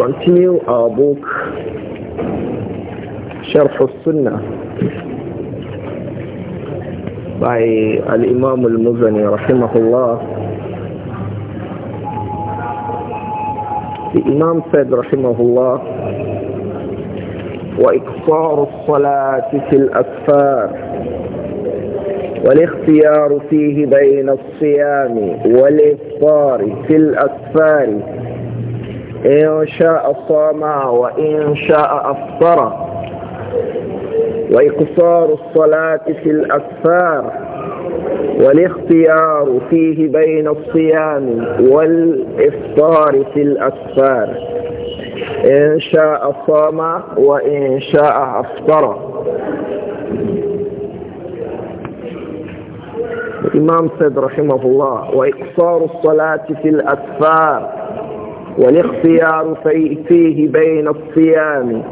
continue our book شرح السنة by الإمام المزني رحمه الله The Imam said رحمه الله وإقصار الصلاة في الأسفار والاختيار فيه بين الصيام والإفطار في الأسفار إن شاء صام وإن شاء أفطر وإقصار الصلاة في الأسفار والاختيار فيه بين الصيام والإفطار في الأسفار إن شاء صام وإن شاء أفطر الإمام سيد رحمه الله وإقصار الصلاة في الأسفار والاختيار فيه بين الصيام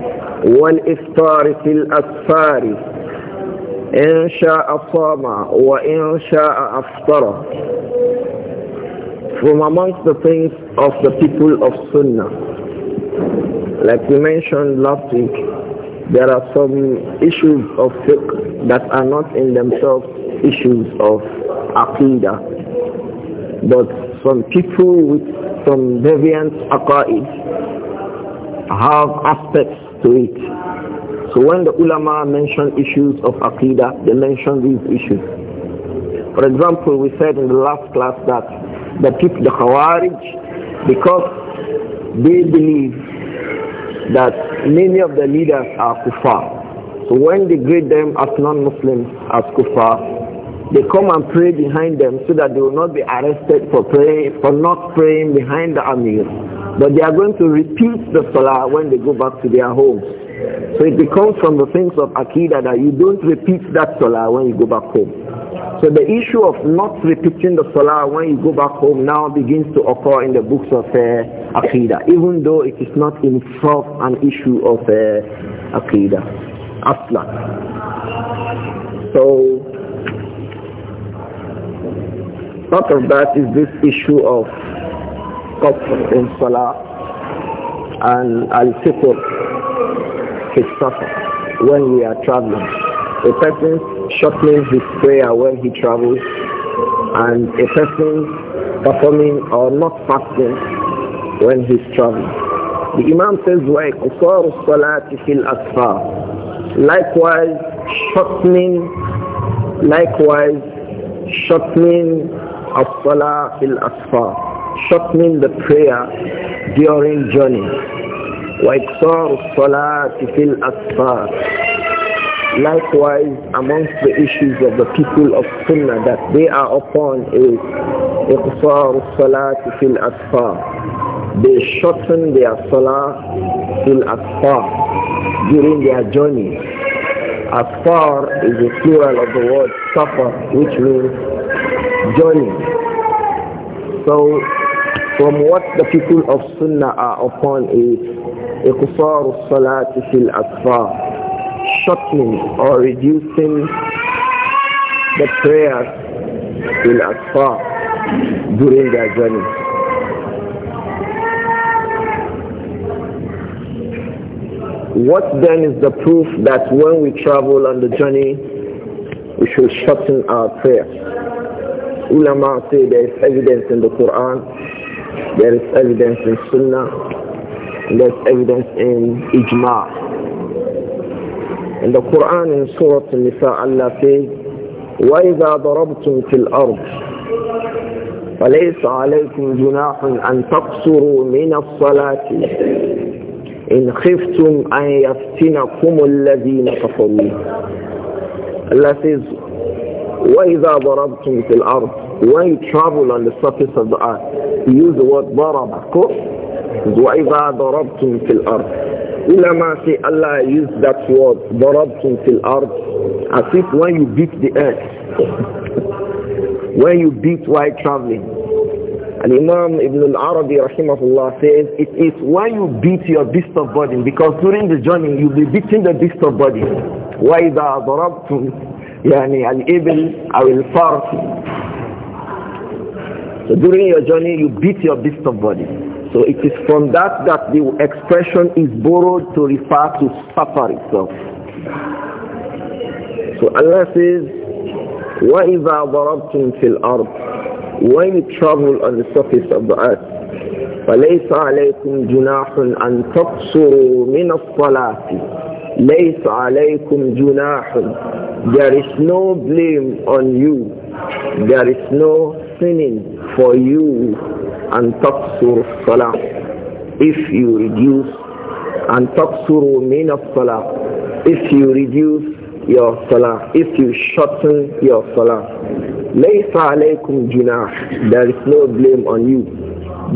والإفطار في الأسفار إن شاء صام وإن شاء أفطر From amongst the things of the people of Sunnah, like we mentioned last week, there are some issues of fiqh that are not in themselves issues of aqidah, but some people with some deviant aqa'id have aspects to it. So when the ulama mention issues of aqidah, they mention these issues. For example, we said in the last class that the people, the Khawarij, because they believe that many of the leaders are kufar. So when they grade them as non-Muslims, as kufar. They come and pray behind them so that they will not be arrested for praying, for not praying behind the Amir. But they are going to repeat the Salah when they go back to their homes. So it becomes from the things of Akida that you don't repeat that Salah when you go back home. So the issue of not repeating the Salah when you go back home now begins to occur in the books of uh, Akida, even though it is not in itself an issue of uh, Akida. Aslan. So Part of that is this issue of kufr in salah and al-sifr his suffer when we are traveling. A person shortening his prayer when he travels and a person performing or not fasting when he's traveling. The Imam says, "Why وَإِقْصَارُ الصَّلَاةِ فِي الْأَسْفَارِ Likewise, shortening, likewise, shortening of salah fil asfar, shortening the prayer during journey. وإكثار Salah في الأسفار Likewise, amongst the issues of the people of Sunnah that they are upon is إقصار Salah في الأسفار They shorten their Salah في الأسفار during their journey. Asfar is the plural of the word safar, which means journey. So from what the people of Sunnah are upon is إقصار الصلاة في الأسفار shortening or reducing the prayers in Asfar during their journey. What then is the proof that when we travel on the journey, we should shorten our prayers? ulama say there is evidence in the Quran, there is evidence in Sunnah, and is evidence in Ijma. In the Quran in Surah Al-Nisa, Allah says, وَإِذَا ضَرَبْتُمْ فِي الْأَرْضِ فَلَيْسَ عَلَيْكُمْ جُنَاحٌ أَن تَقْصُرُوا مِنَ الصَّلَاةِ إِنْ خِفْتُمْ أَن يَفْتِنَكُمُ الَّذِينَ كَفَرُوا Allah says, وإذا ضربتم في الأرض when you travel on the surface of the earth, you use the word ضرب وإذا ضربتم في الأرض ulama say Allah used that word ضربتم في الأرض as if when you beat the earth when you beat while traveling and Imam Ibn al-Arabi rahimahullah says it is when you beat your beast of because during the journey you'll be beating the beast of burden وإذا ضربتم يعني الإبل أو الفرس so during your journey, you beat your beast of body. So it is from that that the expression is borrowed to refer to suffer itself. So Allah says, وَإِذَا ضَرَبْتُمْ فِي الْأَرْضِ When you travel on the surface of the earth, فَلَيْسَ عَلَيْكُمْ جُنَاحٌ أَن تَقْصُرُوا مِنَ الصَّلَاةِ لَيْسَ عَلَيْكُمْ جُنَاحٌ There is no blame on you. There is no sinning for you and taqsur salah if you reduce and taqsuru min of salah if you reduce your salah if you shorten your salah laysa alaykum junah there is no blame on you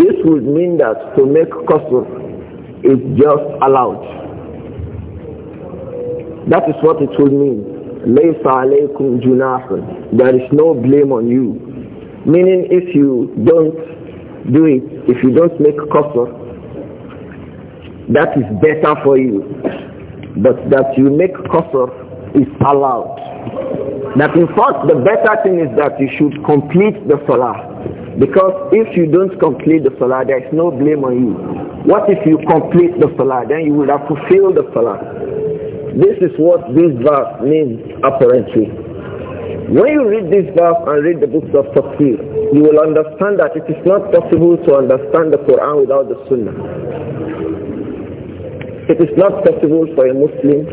this would mean that to make qasr is just allowed that is what it would mean laysa alaykum junah there is no blame on you Meaning if you don't do it, if you don't make kufr, that is better for you. But that you make kufr is allowed. That in fact the better thing is that you should complete the salah. Because if you don't complete the salah, there is no blame on you. What if you complete the salah? Then you will have fulfilled the salah. This is what this verse means apparently. When you read this verse and read the books of tafsir, you will understand that it is not possible to understand the Quran without the Sunnah. It is not possible for a Muslim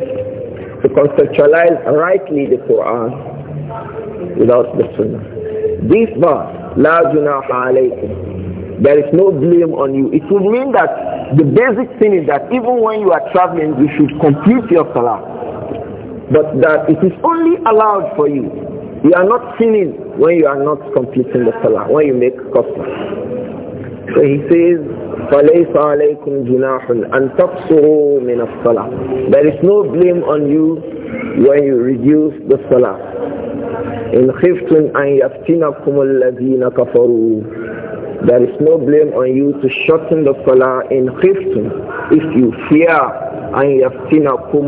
to conceptualize rightly the Quran without the Sunnah. This verse, La junaha alaykum, there is no blame on you. It would mean that the basic thing is that even when you are traveling, you should complete your salah but that it is only allowed for you. You are not sinning when you are not completing the salah, when you make qasr. So he says, فَلَيْسَ عَلَيْكُمْ جُنَاحٌ أَن تَقْصُرُوا مِنَ الصَّلَاةِ There is no blame on you when you reduce the salah. إِنْ خِفْتُمْ أَن يَفْتِنَكُمُ الَّذِينَ كَفَرُوا there is no blame on you to shorten the salah in khiftum if you fear أن يفتنكم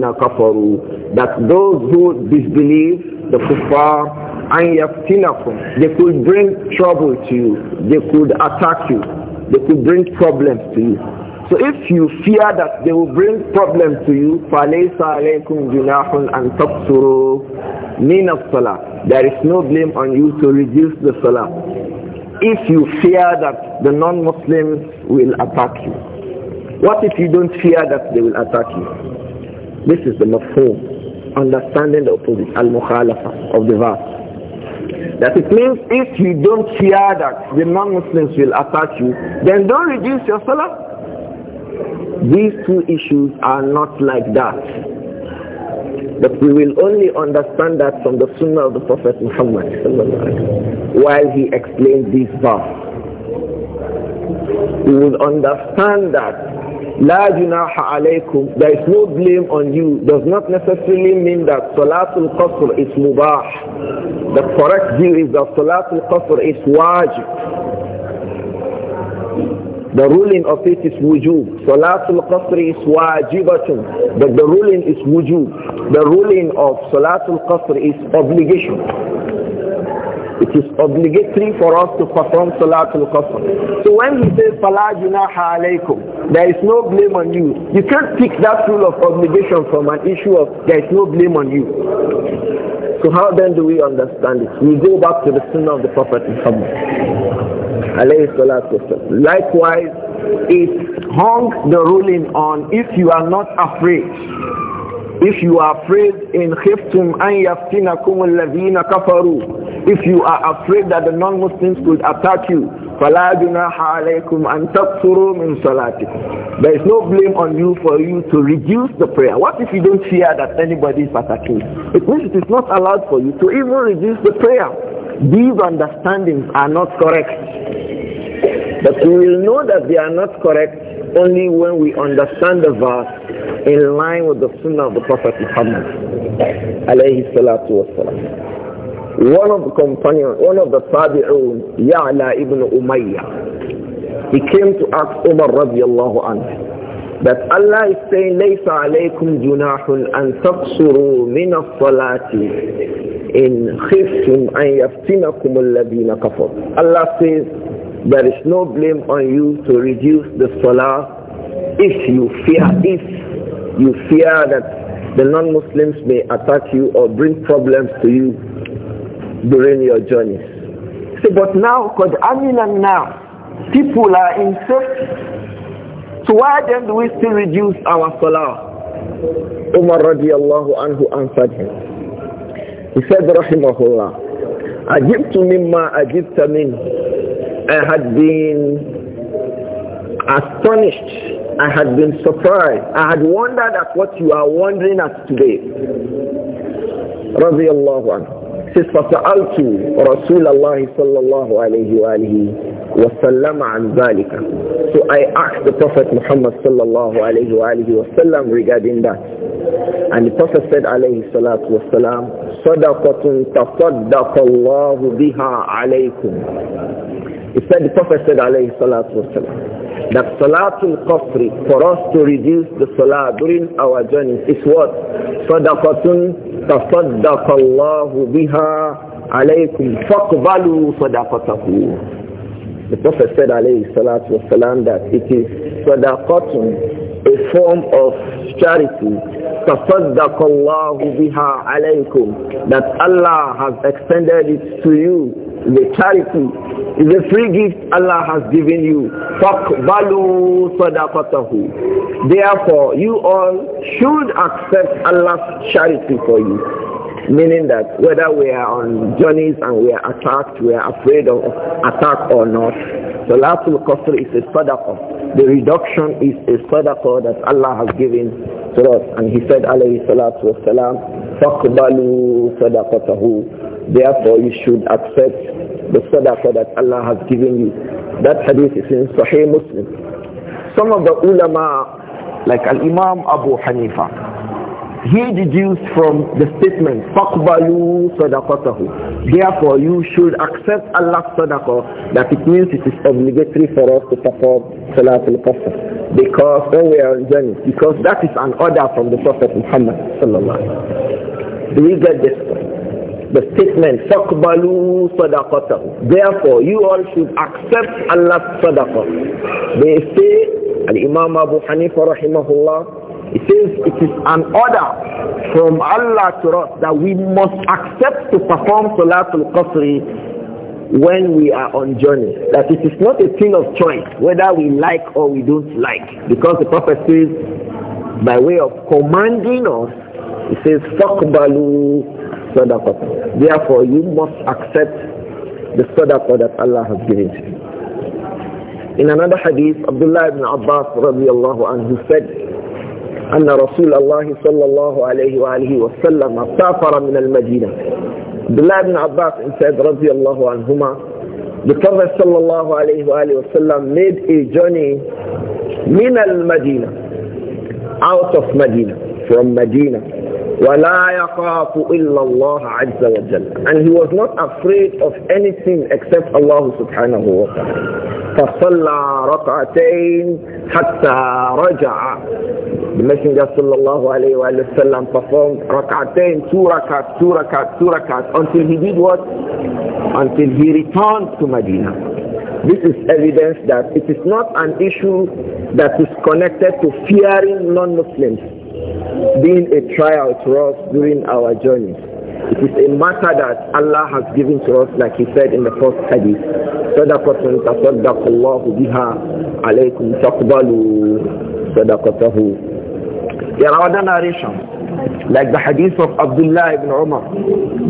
na kafaru that those who disbelieve the kuffar أن يفتنكم they could bring trouble to you they could attack you they could bring problems to you so if you fear that they will bring problems to you فليس alaykum جناح أن تقصروا من الصلاة there is no blame on you to reduce the salah if you fear that the non-Muslims will attack you? What if you don't fear that they will attack you? This is the mafhum, understanding the opposite, al-mukhalafa of the verse. That it means if you don't fear that the non-Muslims will attack you, then don't reduce your salah. These two issues are not like that. But we will only understand that from the Sunnah of the Prophet Muhammad while he explains this verse. We will understand that La junaha alaykum, there is no blame on you, does not necessarily mean that Salatul Qasr is mubah. The correct view is that Salatul Qasr is wajib. The ruling of it is wujub. Salatul Qasr is wajibatun. But the ruling is wujub. The ruling of Salatul Qasr is obligation. It is obligatory for us to perform Salatul Qasr. So when he says, Fala junaha there is no blame on you. You can't pick that rule of obligation from an issue of there is no blame on you. So how then do we understand it? We go back to the sunnah of the Prophet Muhammad. Likewise, it hung the ruling on if you are not afraid. If you are afraid in khiftum an yaftinakum alladhina kafaru, if you are afraid that the non-Muslims could attack you, fala junaha alaykum an taqsuru min salatikum. There is no blame on you for you to reduce the prayer. What if you don't fear that anybody is attacking It means it is not allowed for you to even reduce the prayer. These understandings are not correct. But we will know that they are not correct only when we understand the verse in line with the sunnah of the Prophet Muhammad. One of the companions, one of the tabi'un, Ya'la ibn Umayyah, he came to ask Umar radiallahu anhu that Allah is saying, لَيْسَ عَلَيْكُمْ جُنَاحٌ أَن تَقْصُرُوا مِنَ الصَّلَاةِ إِنْ خِفْتُمْ أَن يَفْتِنَكُمُ الَّذِينَ كَفَرُوا Allah says, there is no blame on you to reduce the salah if you fear, if you fear that the non-Muslims may attack you or bring problems to you during your journeys. See, but now, because Aminan now, people are in safety. So why then do we still reduce our salah? Umar radiallahu anhu answered him. He said, Rahimahullah, I give to منه I had been astonished. I had been surprised. I had wondered at what you are wondering at today. رضي الله عنه says فسألت رسول الله صلى الله عليه وآله وسلم عن ذلك so I asked the Prophet Muhammad صلى الله عليه وآله وسلم regarding that and the Prophet said عليه الصلاة والسلام صدقة تصدق الله بها عليكم he said, the Prophet said, alayhi salatu wasalam, that salatul qasri, for us to reduce the salah during our journey, is what? Sadaqatun tasaddaqallahu biha alaykum faqbalu sadaqatahu. The Prophet said, alayhi salatu wasalam, that it is sadaqatun, a form of charity. تَصَدَّقَ biha alaykum That Allah has extended it to you. The charity, is a free gift Allah has given you. Therefore, you all should accept Allah's charity for you. Meaning that whether we are on journeys and we are attacked, we are afraid of attack or not, Salatul Qasr is a sadaqah. The reduction is a sadaqah that Allah has given to us. And he said, alayhi salatu wasalam, فَقْبَلُوا صَدَقَتَهُ Therefore you should accept the sadaqah that Allah has given you. That hadith is in Sahih Muslim. Some of the ulama, like Al-Imam Abu Hanifa, he deduced from the statement faqbalu sadaqatahu therefore you should accept Allah's sadaqah that it means it is obligatory for us to perform salatul qasr because when oh, we are enjoying. journey because that is an order from the prophet Muhammad sallallahu do you get this the statement faqbalu sadaqatahu therefore you all should accept Allah's sadaqah they say al Imam Abu Hanifa rahimahullah it says it is an order from Allah to us that we must accept to perform Salatul Qasri when we are on journey. That it is not a thing of choice, whether we like or we don't like. Because the Prophet says, by way of commanding us, he says, فَقْبَلُوا صَدَقَةً Therefore, you must accept the sadaqah that Allah has given to you. In another hadith, Abdullah ibn Abbas radiallahu anhu said, أن رسول الله صلى الله عليه وآله وسلم سافر من المدينة Abdullah بن عباس said رضي الله عنهما بكره صلى الله عليه وآله وسلم made a journey من المدينة out of Medina from Medina And he was not afraid of anything except Allah subhanahu wa ta'ala. فَصَلَّى rakatain, حَتَّى رَجَعَ The Messenger sallallahu alayhi wa وسلم performed رَكْعَتَيْن, two rakats, two rakats, two rakats, until he did what? Until he returned to Medina. This is evidence that it is not an issue that is connected to fearing non-Muslims being a trial to us during our journey. It is a matter that Allah has given to us, like He said in the first hadith. صدقة تصدق biha alaykum عليكم تقبلوا صدقته. There are other narrations, like the hadith of Abdullah ibn Umar,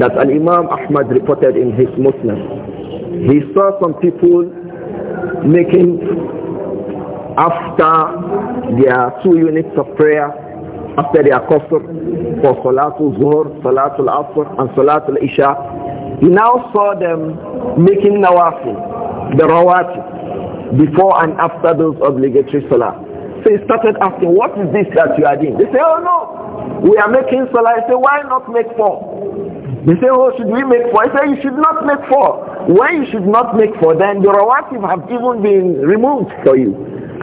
that Al-Imam Ahmad reported in his Muslim. He saw some people making after their two units of prayer after their custom for Salatul Zuhr, Salatul Asr, and Salatul Isha. He now saw them making nawafil, the rawati, before and after those obligatory salah. So he started asking, what is this that you are doing? They say, oh no, we are making salah. I say, why not make four? They say, oh, should we make four? I say, you should not make four. When you should not make four, then the rawatib have even been removed for you.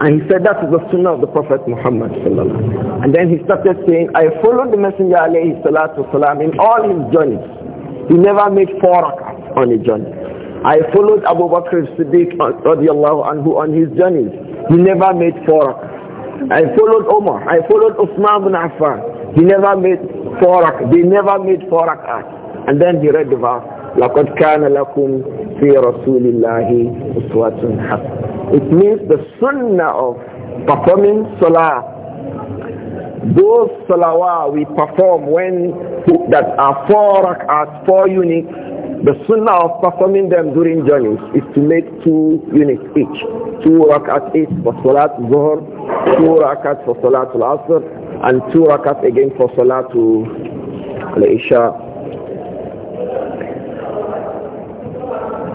And he said that is the sunnah of the Prophet Muhammad And then he started saying, I followed the Messenger alayhi salatu salam in all his journeys. He never made four rakats on a journey. I followed Abu Bakr Siddiq radiallahu anhu on his journeys. He never made four rakats. I followed Omar. I followed Uthman ibn Affan. He never made four rakats. They never made four rakats. And then he read the verse. It means the sunnah of performing salah. Those salawah we perform when that are four rak'ahs, four units, the sunnah of performing them during journeys is to make two units each. Two rak'at each for Salat Zuhr, two rak'at for Salat Al-Asr, and two rak'at again for Salat Al-Isha.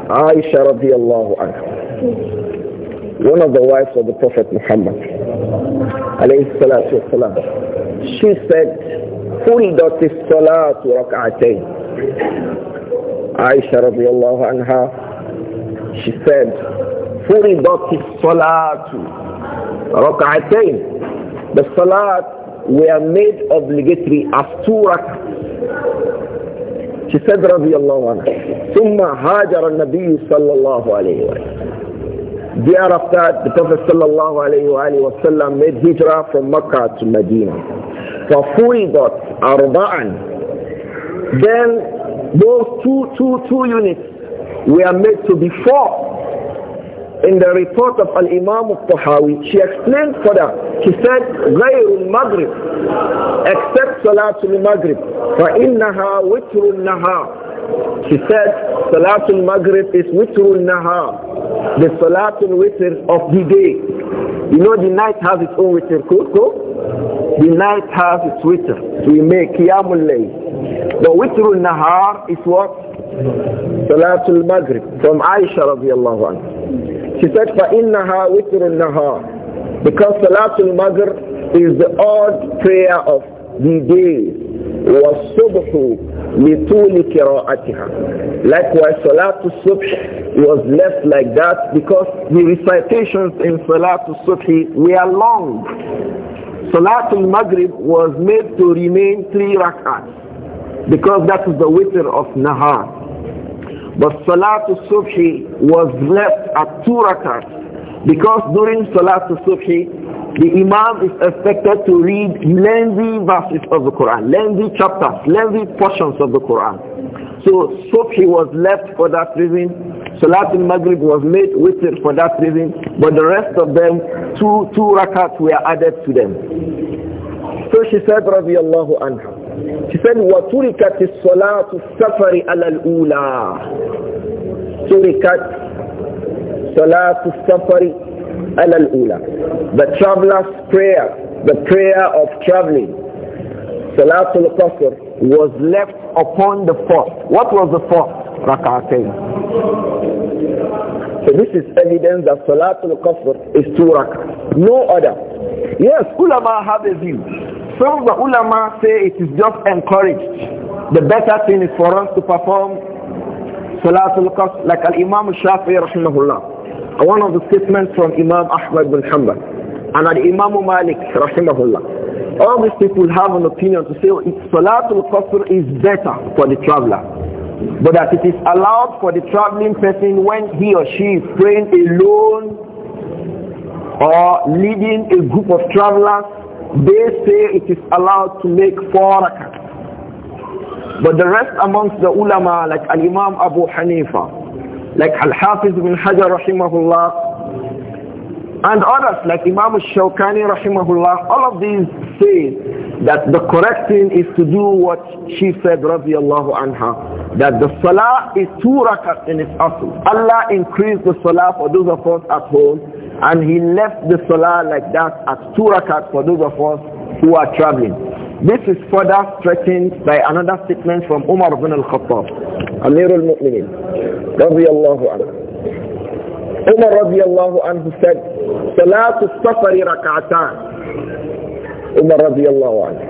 Aisha radiallahu anha, one of the wives of the Prophet Muhammad, alayhi salatu wasalam, she said, فُلْدَتِ الصَّلَاةُ رَكْعَتَيْنِ Aisha radiallahu anha, she said, فُلْدَتِ الصَّلَاةُ رَكْعَتَيْنِ The salat were made obligatory as two she said, رضي الله عنها, ثم هاجر النبي صلى الله عليه وسلم. Thereafter, the Prophet sallallahu alayhi wa sallam made hijrah from Mecca to Medina. got أربعا. Then those two, two, two units were made to be four in the report of Al-Imam of tahawi she explained for that. She said, غير المغرب except صلاة المغرب فإنها وتر النهار she said, Salatul Maghrib is Witrul Nahar, the Salatul Witr of the day. You know the night has its own Witr, Kurko? The night has its Witr. we make Qiyamul Layl. The Witrul Nahar is what? Salatul Maghrib from Aisha radiallahu anha. She said, فَإِنَّهَا وِتْرُ النَّهَارِ Because Salatul Maghrib is the odd prayer of the day. وَالصُّبْحُ لِطُولِ كِرَاءَتِهَا Likewise, Salatul Subh was left like that because the recitations in Salatul Subh were long. Salatul Maghrib was made to remain three rak'ahs because that is the witr of Nahar. But Salatul Subhi was left at two rakats because during Salatul Subhi, the Imam is expected to read lengthy verses of the Quran, lengthy chapters, lengthy portions of the Quran. So Subhi was left for that reason. Salatul Maghrib was made it for that reason. But the rest of them, two, two rakats were added to them. So she said, Radiallahu anha. She said, وَتُرِكَتِ safari السَّفَرِ عَلَى الْأُولَى تُرِكَتْ صَلَاةُ safari al الْأُولَى The traveler's prayer, the prayer of traveling, Salatul Qasr, was left upon the first. What was the first? Rak'atayn. So this is evidence that Salatul Qasr is two rakat No other. Yes, ulama have a view some of the ulama say it is just encouraged. The better thing is for us to perform Salatul Qasr like Al-Imam Shafi'i rahimahullah. One of the statements from Imam Ahmad bin Hanbal and Al-Imam Malik rahimahullah. All these people have an opinion to say Salatul Qasr is better for the traveler. But that it is allowed for the traveling person when he or she is praying alone or leading a group of travelers they say it is allowed to make four rakat. But the rest amongst the ulama, like Al-Imam Abu Hanifa, like Al-Hafiz bin Hajar rahimahullah, and others like Imam Shawkani rahimahullah, all of these say that the correct thing is to do what she said radiallahu anha, that the salah is two rakat in its asl. Allah increased the salah for those of us at home and he left the salah like that at two rakat for those of us who are traveling. This is further strengthened by another statement from Umar ibn al-Khattab, Amir al-Mu'minin, radiallahu Umar radiallahu anhu said, Salatu safari rak'atan. Umar radiallahu anhu.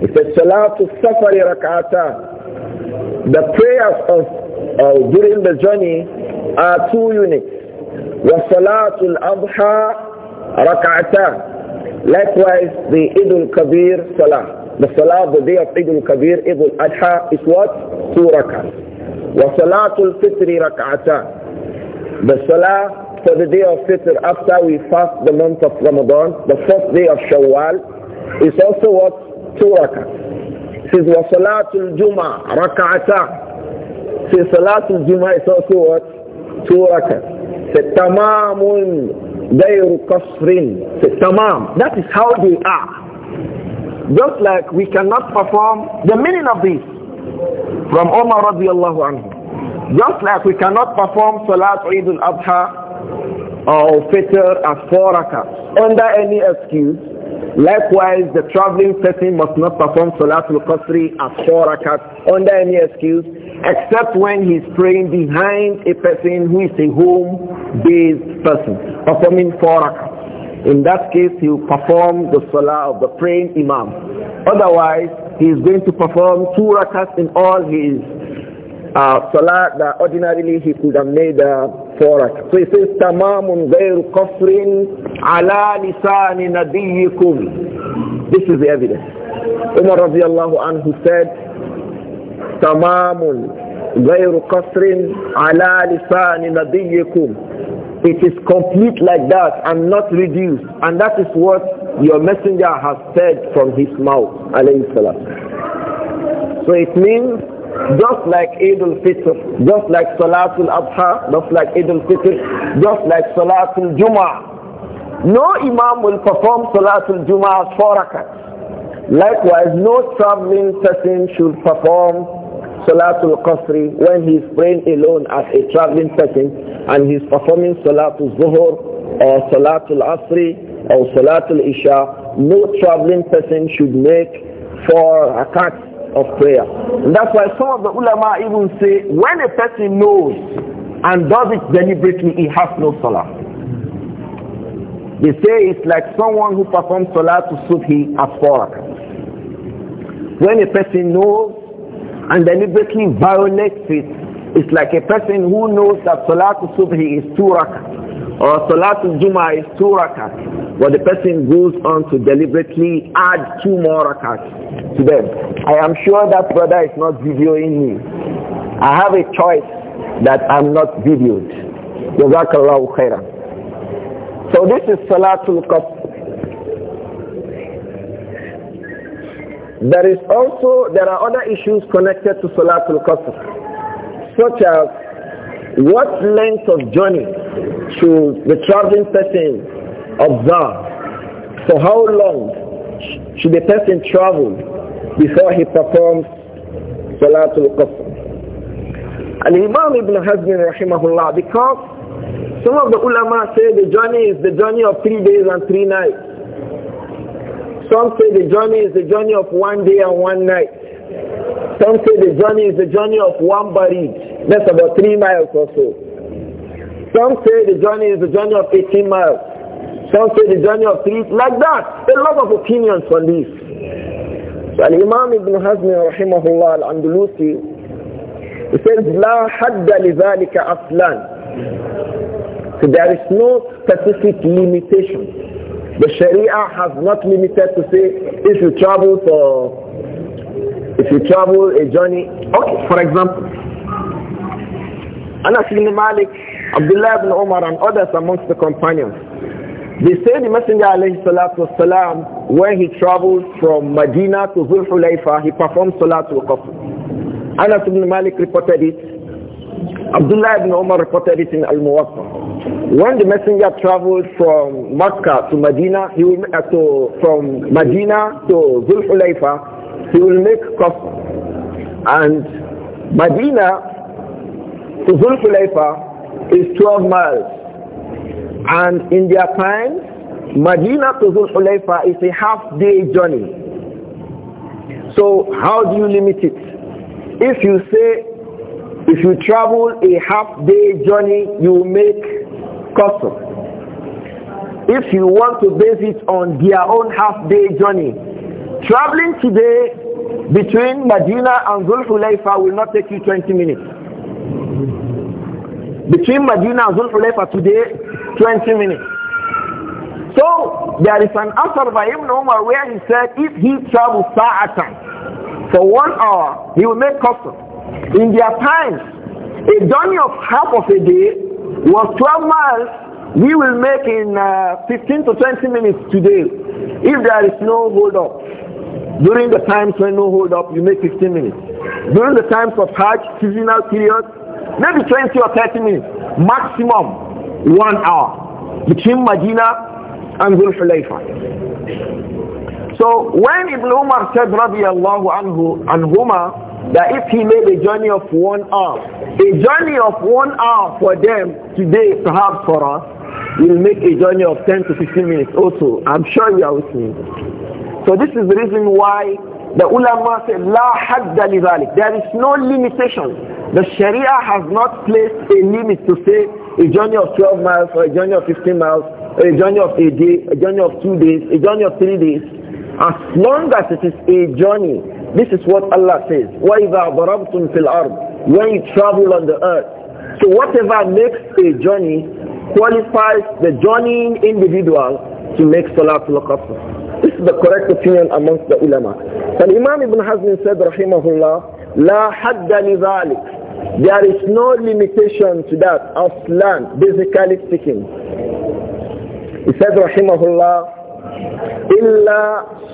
He said, Salatu safari rak'atan. The prayers of, uh, during the journey are two units. وَصَلَاتُ الْأَضْحَى رَكْعَتَانِ Likewise, the Eid al-Kabir Salah. The Salah of the day of Eid al-Kabir, Eid al-Adha is what? Two rak'ahs. وَصَلَاتُ الْفِطْرِ رَكْعَتَانِ The salah for the day of Fitr after we fast the month of Ramadan, the first day of Shawwal, is also what? Two rak'ahs. Since wa salatul Jum'ah, rak'ata. Since salatul Jum'ah is also what? Two rak'ahs. Say tamamun dayru kasrin. Say tamam. That is how they are. Just like we cannot perform the meaning of this from Omar radiallahu anhu. Just like we cannot perform Salat Eid al-Adha or Fitr four rakats under any excuse, likewise the traveling person must not perform Salat al-Qasri as four rakats under any excuse, except when he is praying behind a person who is a home-based person, performing four rakats. In that case, he will perform the salah of the praying imam. Otherwise, he is going to perform two rakats in all his uh, salah that ordinarily he could have made uh, for us. So he says, Tamamun غير قصر ala lisani نبيكم. This is the evidence. Umar radiallahu anhu said, Tamamun غير قصر ala lisani نبيكم. It is complete like that and not reduced. And that is what your messenger has said from his mouth. So it means just like Eid al-Fitr, just like Salatul Adha, just like Eid al-Fitr, just like Salatul Jum'ah. No Imam will perform Salatul Jum'ah as four rakats. Likewise, no traveling person should perform Salatul Qasri when he is praying alone as a traveling person and he is performing Salatul Zuhur or Salatul Asri or Salatul Isha, no traveling person should make four rakats of prayer. And that's why some of the ulama even say, when a person knows and does it deliberately, he has no salah. They say it's like someone who performs salah to subhi at four When a person knows and deliberately violates it, it's like a person who knows that salah to subhi is two rak'ah or Salatul Juma is two rakat. But the person goes on to deliberately add two more rakat to them. I am sure that brother is not videoing me. I have a choice that I'm not videoed. Jazakallahu khairan. So this is Salatul Qasr. There is also, there are other issues connected to Salatul Qasr, such as what length of journey should the traveling person observe? For how long should the person travel before he performs Salatul Qasr? Al-Imam Ibn Hazm rahimahullah because some of the ulama say the journey is the journey of three days and three nights. Some say the journey is the journey of one day and one night. Some say the journey is the journey of one barid. That's about three miles or so. Some say the journey is the journey of 18 miles. Some say the journey of three, like that. A lot of opinions on this. So imam Ibn Hazm rahimahullah al-Andalusi, he says, لا حد لذلك أصلاً so there is no specific limitation. The Sharia has not limited to say if you travel for if you travel a journey, okay, for example, Anas ibn Malik, Abdullah ibn Umar and others amongst the companions, they say the Messenger alayhi salatu wasalam, when he traveled from Medina to Zul he performed Salatul Qasr. Anas ibn Malik reported it. Abdullah ibn Umar reported it in Al-Muwatta. When the messenger traveled from Makkah to Medina, he uh, to, from Medina to Zul he will make kufr. And Medina to Zulfulayfa is 12 miles. And in their time, Medina to Zulfulayfa is a half day journey. So how do you limit it? If you say, if you travel a half day journey, you make custom. If you want to base it on their own half day journey, traveling today between Medina and Zulhulayfa will not take you 20 minutes. Between Medina and Zulhulayfa today, 20 minutes. So there is an answer by Ibn Umar where he said if he travels Sa'atan for one hour, he will make custom. In their times, a journey of half of a day was 12 miles we will make in uh, 15 to 20 minutes today if there is no hold up. During the times when no hold up, you make 15 minutes. During the times of Hajj, seasonal period, maybe 20 or 30 minutes. Maximum one hour between Medina and Dhul Hulayfa. So when Ibn Umar said, radiallahu anhu, anhuma, that if he made a journey of one hour, a journey of one hour for them today, perhaps for us, will make a journey of 10 to 15 minutes also. I'm sure you are with me. So this is the reason why the ulama say, La hadda lidhalik. There is no limitation. The sharia has not placed a limit to say a journey of 12 miles or a journey of 15 miles or a journey of a day, a journey of two days, a journey of three days. As long as it is a journey, this is what Allah says. وَإِذَا ضَرَبْتُمْ فِي الْأَرْضِ When you travel on the earth. So whatever makes a journey qualifies the journeying individual to make Salatul Qasr. This is the correct opinion amongst the ulama. And Imam Ibn Hazm said, rahimahullah, لا حد لذلك. There is no limitation to that of land, basically speaking. He said, rahimahullah, إلا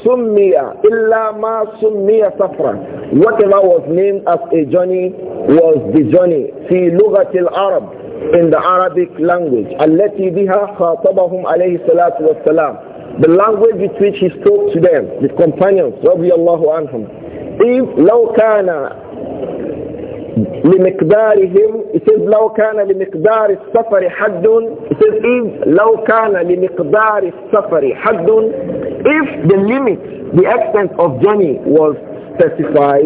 سمي إلا ما سمي سفرا whatever was named as a journey was the journey في لغة العرب in the Arabic language التي بها خاطبهم عليه الصلاة والسلام the language with which he spoke to them, the companions, radiallahu anhum. If لو كان لمقدارهم it says لو كان لمقدار السفر حد it says if لو كان لمقدار السفر حد if the limit the extent of journey was specify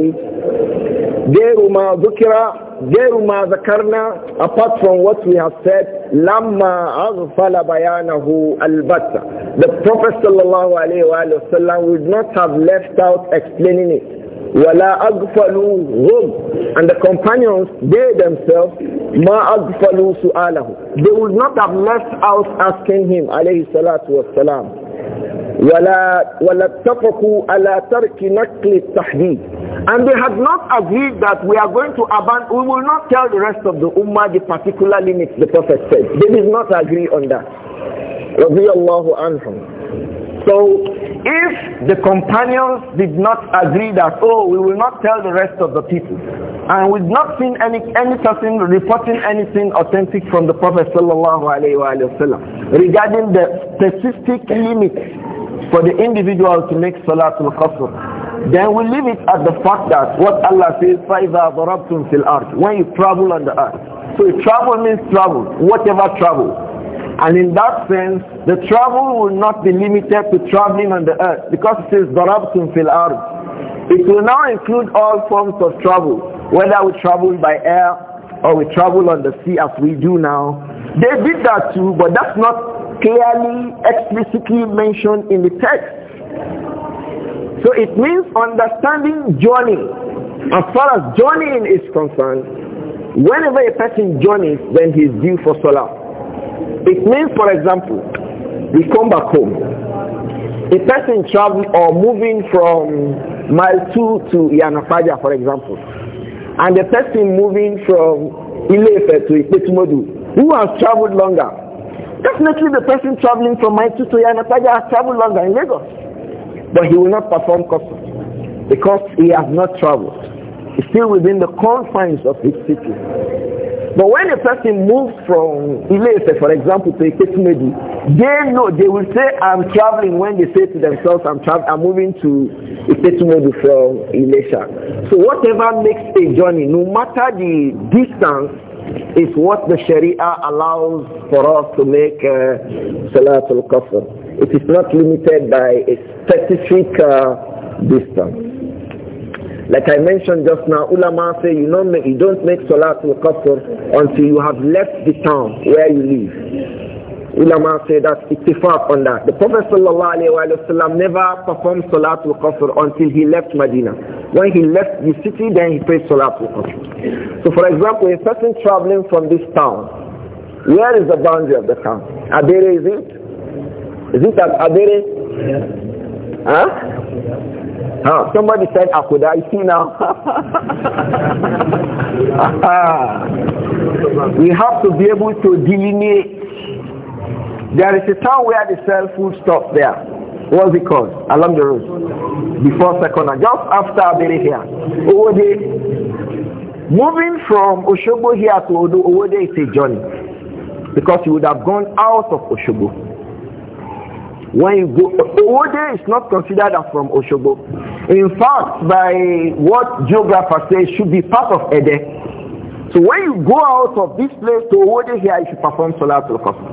Deruma Zukira, Deruma Zakarna, apart from what we have said, Lama Azfala Bayanahu Albatta. The Prophet sallallahu alayhi wa would not have left out explaining it. Wala Agfalu Rum. And the companions, they themselves, Ma Agfalu Su'alahu. They would not have left out asking him, alayhi salatu wa وَلَا, وَلَا اتَّفَقُوا عَلَى تَرْكِ نَقْلِ التَّحْدِيدِ And they had not agreed that we are going to abandon, we will not tell the rest of the ummah the particular limits the Prophet said. They did not agree on that. رضي الله عنهم so if the companions did not agree that, oh, we will not tell the rest of the people, and we've not seen any, any person reporting anything authentic from the Prophet wasallam regarding the specific limit for the individual to make salatul khasr, then we leave it at the fact that what Allah says, فَإِذَا ضَرَبْتُمْ فِي الْأَرْضِ When you travel on the earth. So travel means travel, whatever travel. And in that sense, the travel will not be limited to traveling on the earth because it says Darabtum fil ard. It will now include all forms of travel, whether we travel by air or we travel on the sea as we do now. They did that too, but that's not clearly, explicitly mentioned in the text. So it means understanding journey. As far as journeying is concerned, whenever a person journeys, then he is due for salah. It means, for example, we come back home. A person traveling or moving from mile two to Yanafaja, for example, and the person moving from Ilefe to Ipetumodu, who has traveled longer? Definitely the person traveling from mile two to Yanafaja has traveled longer in Lagos. But he will not perform custom because he has not traveled. He's still within the confines of his city. But when a person moves from Ilefe, for example, to Iketumedi, they know, they will say, I'm traveling when they say to themselves, I'm, tra- I'm moving to Iketumedi from Ilesha. So whatever makes a journey, no matter the distance, is what the Sharia allows for us to make uh, Salatul Qasr. It is not limited by a specific uh, distance. Like I mentioned just now, ulama say you don't make, you don't make salatul qasr until you have left the town where you live. Ulama say that ittifaq on that. The Prophet wasallam never performed salatul qasr until he left Medina. When he left the city, then he prayed salatul qasr. So for example, a person traveling from this town, where is the boundary of the town? Abere is it? Is it at Abere? Huh? Huh. Somebody said Akuda, ah, you see now. Ah. we have to be able to delineate. There is a town where they sell food stuff there. What's it called? Along the road. Before second just after Abere here. Owode. Moving from Oshobo here to Odo, Owode is a journey. Because you would have gone out of Oshobo when you go Owode is not considered as from Oshobo. In fact, by what geographers say should be part of Ede. So when you go out of this place to Ode here, you should perform Salatul Qasr.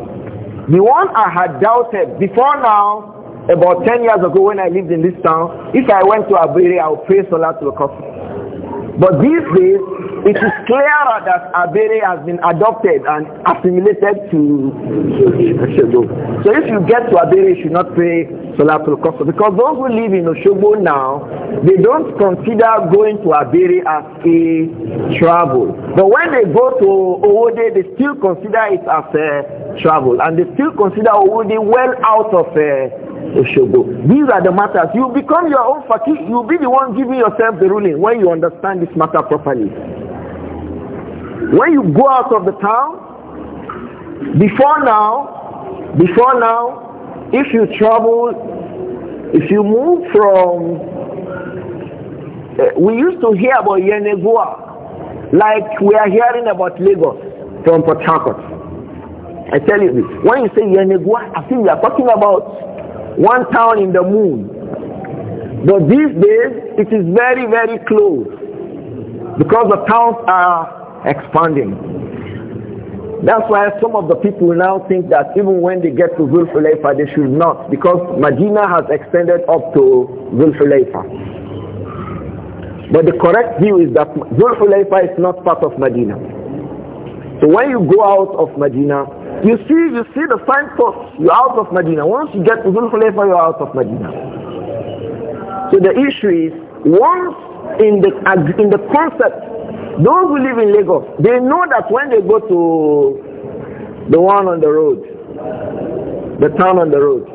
The one I had doubted before now, about 10 years ago when I lived in this town, if I went to Abiri, I would pray Salatul Qasr. But these days, it is clearer that Abere has been adopted and assimilated to Oshogbo. So if you get to Abere, you should not pay Salatul Qasr. Because those who live in Oshogbo now, they don't consider going to Abere as a travel. But when they go to Owode, they still consider it as a travel. And they still consider Owode well out of uh, These are the matters. You become your own fakir. You'll be the one giving yourself the ruling when you understand this matter properly. When you go out of the town, before now, before now, if you travel, if you move from, uh, we used to hear about Yenegoa, like we are hearing about Lagos from Port Harcourt. I tell you this, when you say Yenegoa, I think we are talking about one town in the moon. But these days, it is very, very close because the towns are expanding. That's why some of the people now think that even when they get to Zul they should not, because Medina has extended up to Zul But the correct view is that Zul is not part of Medina. So when you go out of Medina, you see you see the signposts, you're out of Medina. Once you get to Zul you're out of Medina. So the issue is, once in the, in the concept those who live in Lagos, they know that when they go to the one on the road, the town on the road,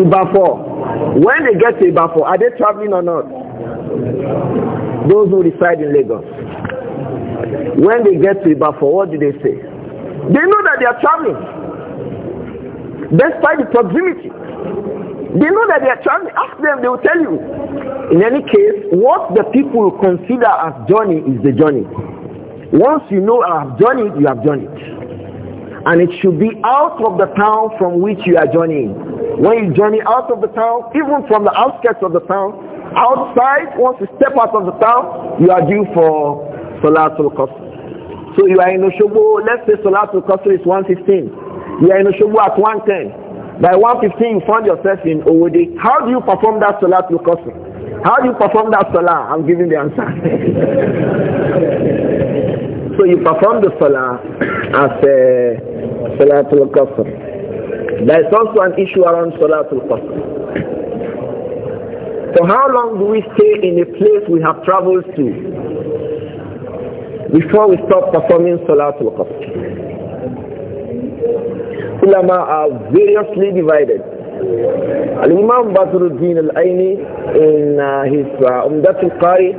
Ibafo, when they get to Ibafo, are they traveling or not? Those who reside in Lagos, when they get to Ibafo, what do they say? They know that they are traveling, despite the proximity. They know that they are traveling. Ask them, they will tell you. In any case, what the people consider as journey is the journey. Once you know I have done it, you have done it. And it should be out of the town from which you are journeying. When you journey out of the town, even from the outskirts of the town, outside, once you step out of the town, you are due for Salatul Qasr. So you are in Oshobo, let's say Salatul Qasr is 115. You are in Oshobo at 110. By 1.15, you find yourself in Owode. How do you perform that salah to Qasr? How do you perform that salah? I'm giving the answer. so you perform the salah as uh, salatul qasr. There is also an issue around salatul qasr. So how long do we stay in a place we have traveled to before we stop performing salatul qasr? ulama are variously divided. Al-Imam Badruddin al-Aini in uh, his uh, Umdat al-Qari,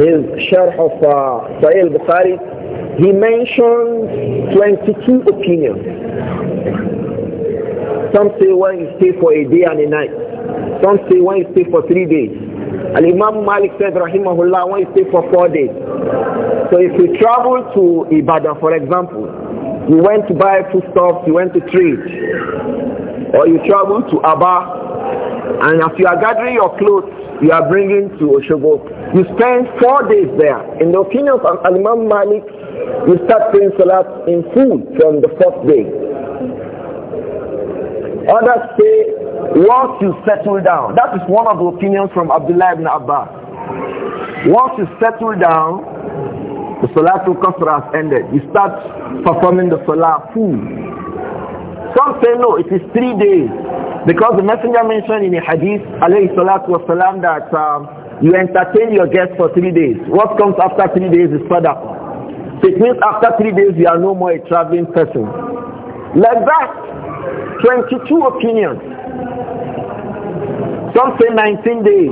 his Sharh of uh, Sahih al-Bukhari, he mentions 22 opinions. Some say one you stay for a day and a night. Some say one you stay for three days. And Imam Malik said, Rahimahullah, one is stay for four days. So if you travel to Ibadan, for example, you went to buy foodstuffs, you went to trade. Or you travel to Aba, and as you are gathering your clothes, you are bringing to Oshogo. You spend four days there. In the opinion of Imam Malik, you start praying Salat in full from the fourth day. Others say, once you settle down, that is one of the opinions from Abdullah ibn Abbas. Once you settle down, the Salatul Qasr has ended. You start performing the Salah full. Some say no, it is three days. Because the messenger mentioned in the hadith, alayhi salatu wasalam, that um, you entertain your guests for three days. What comes after three days is sadaqah. So it means after three days you are no more a traveling person. Like that, 22 opinions. Some say 19 days.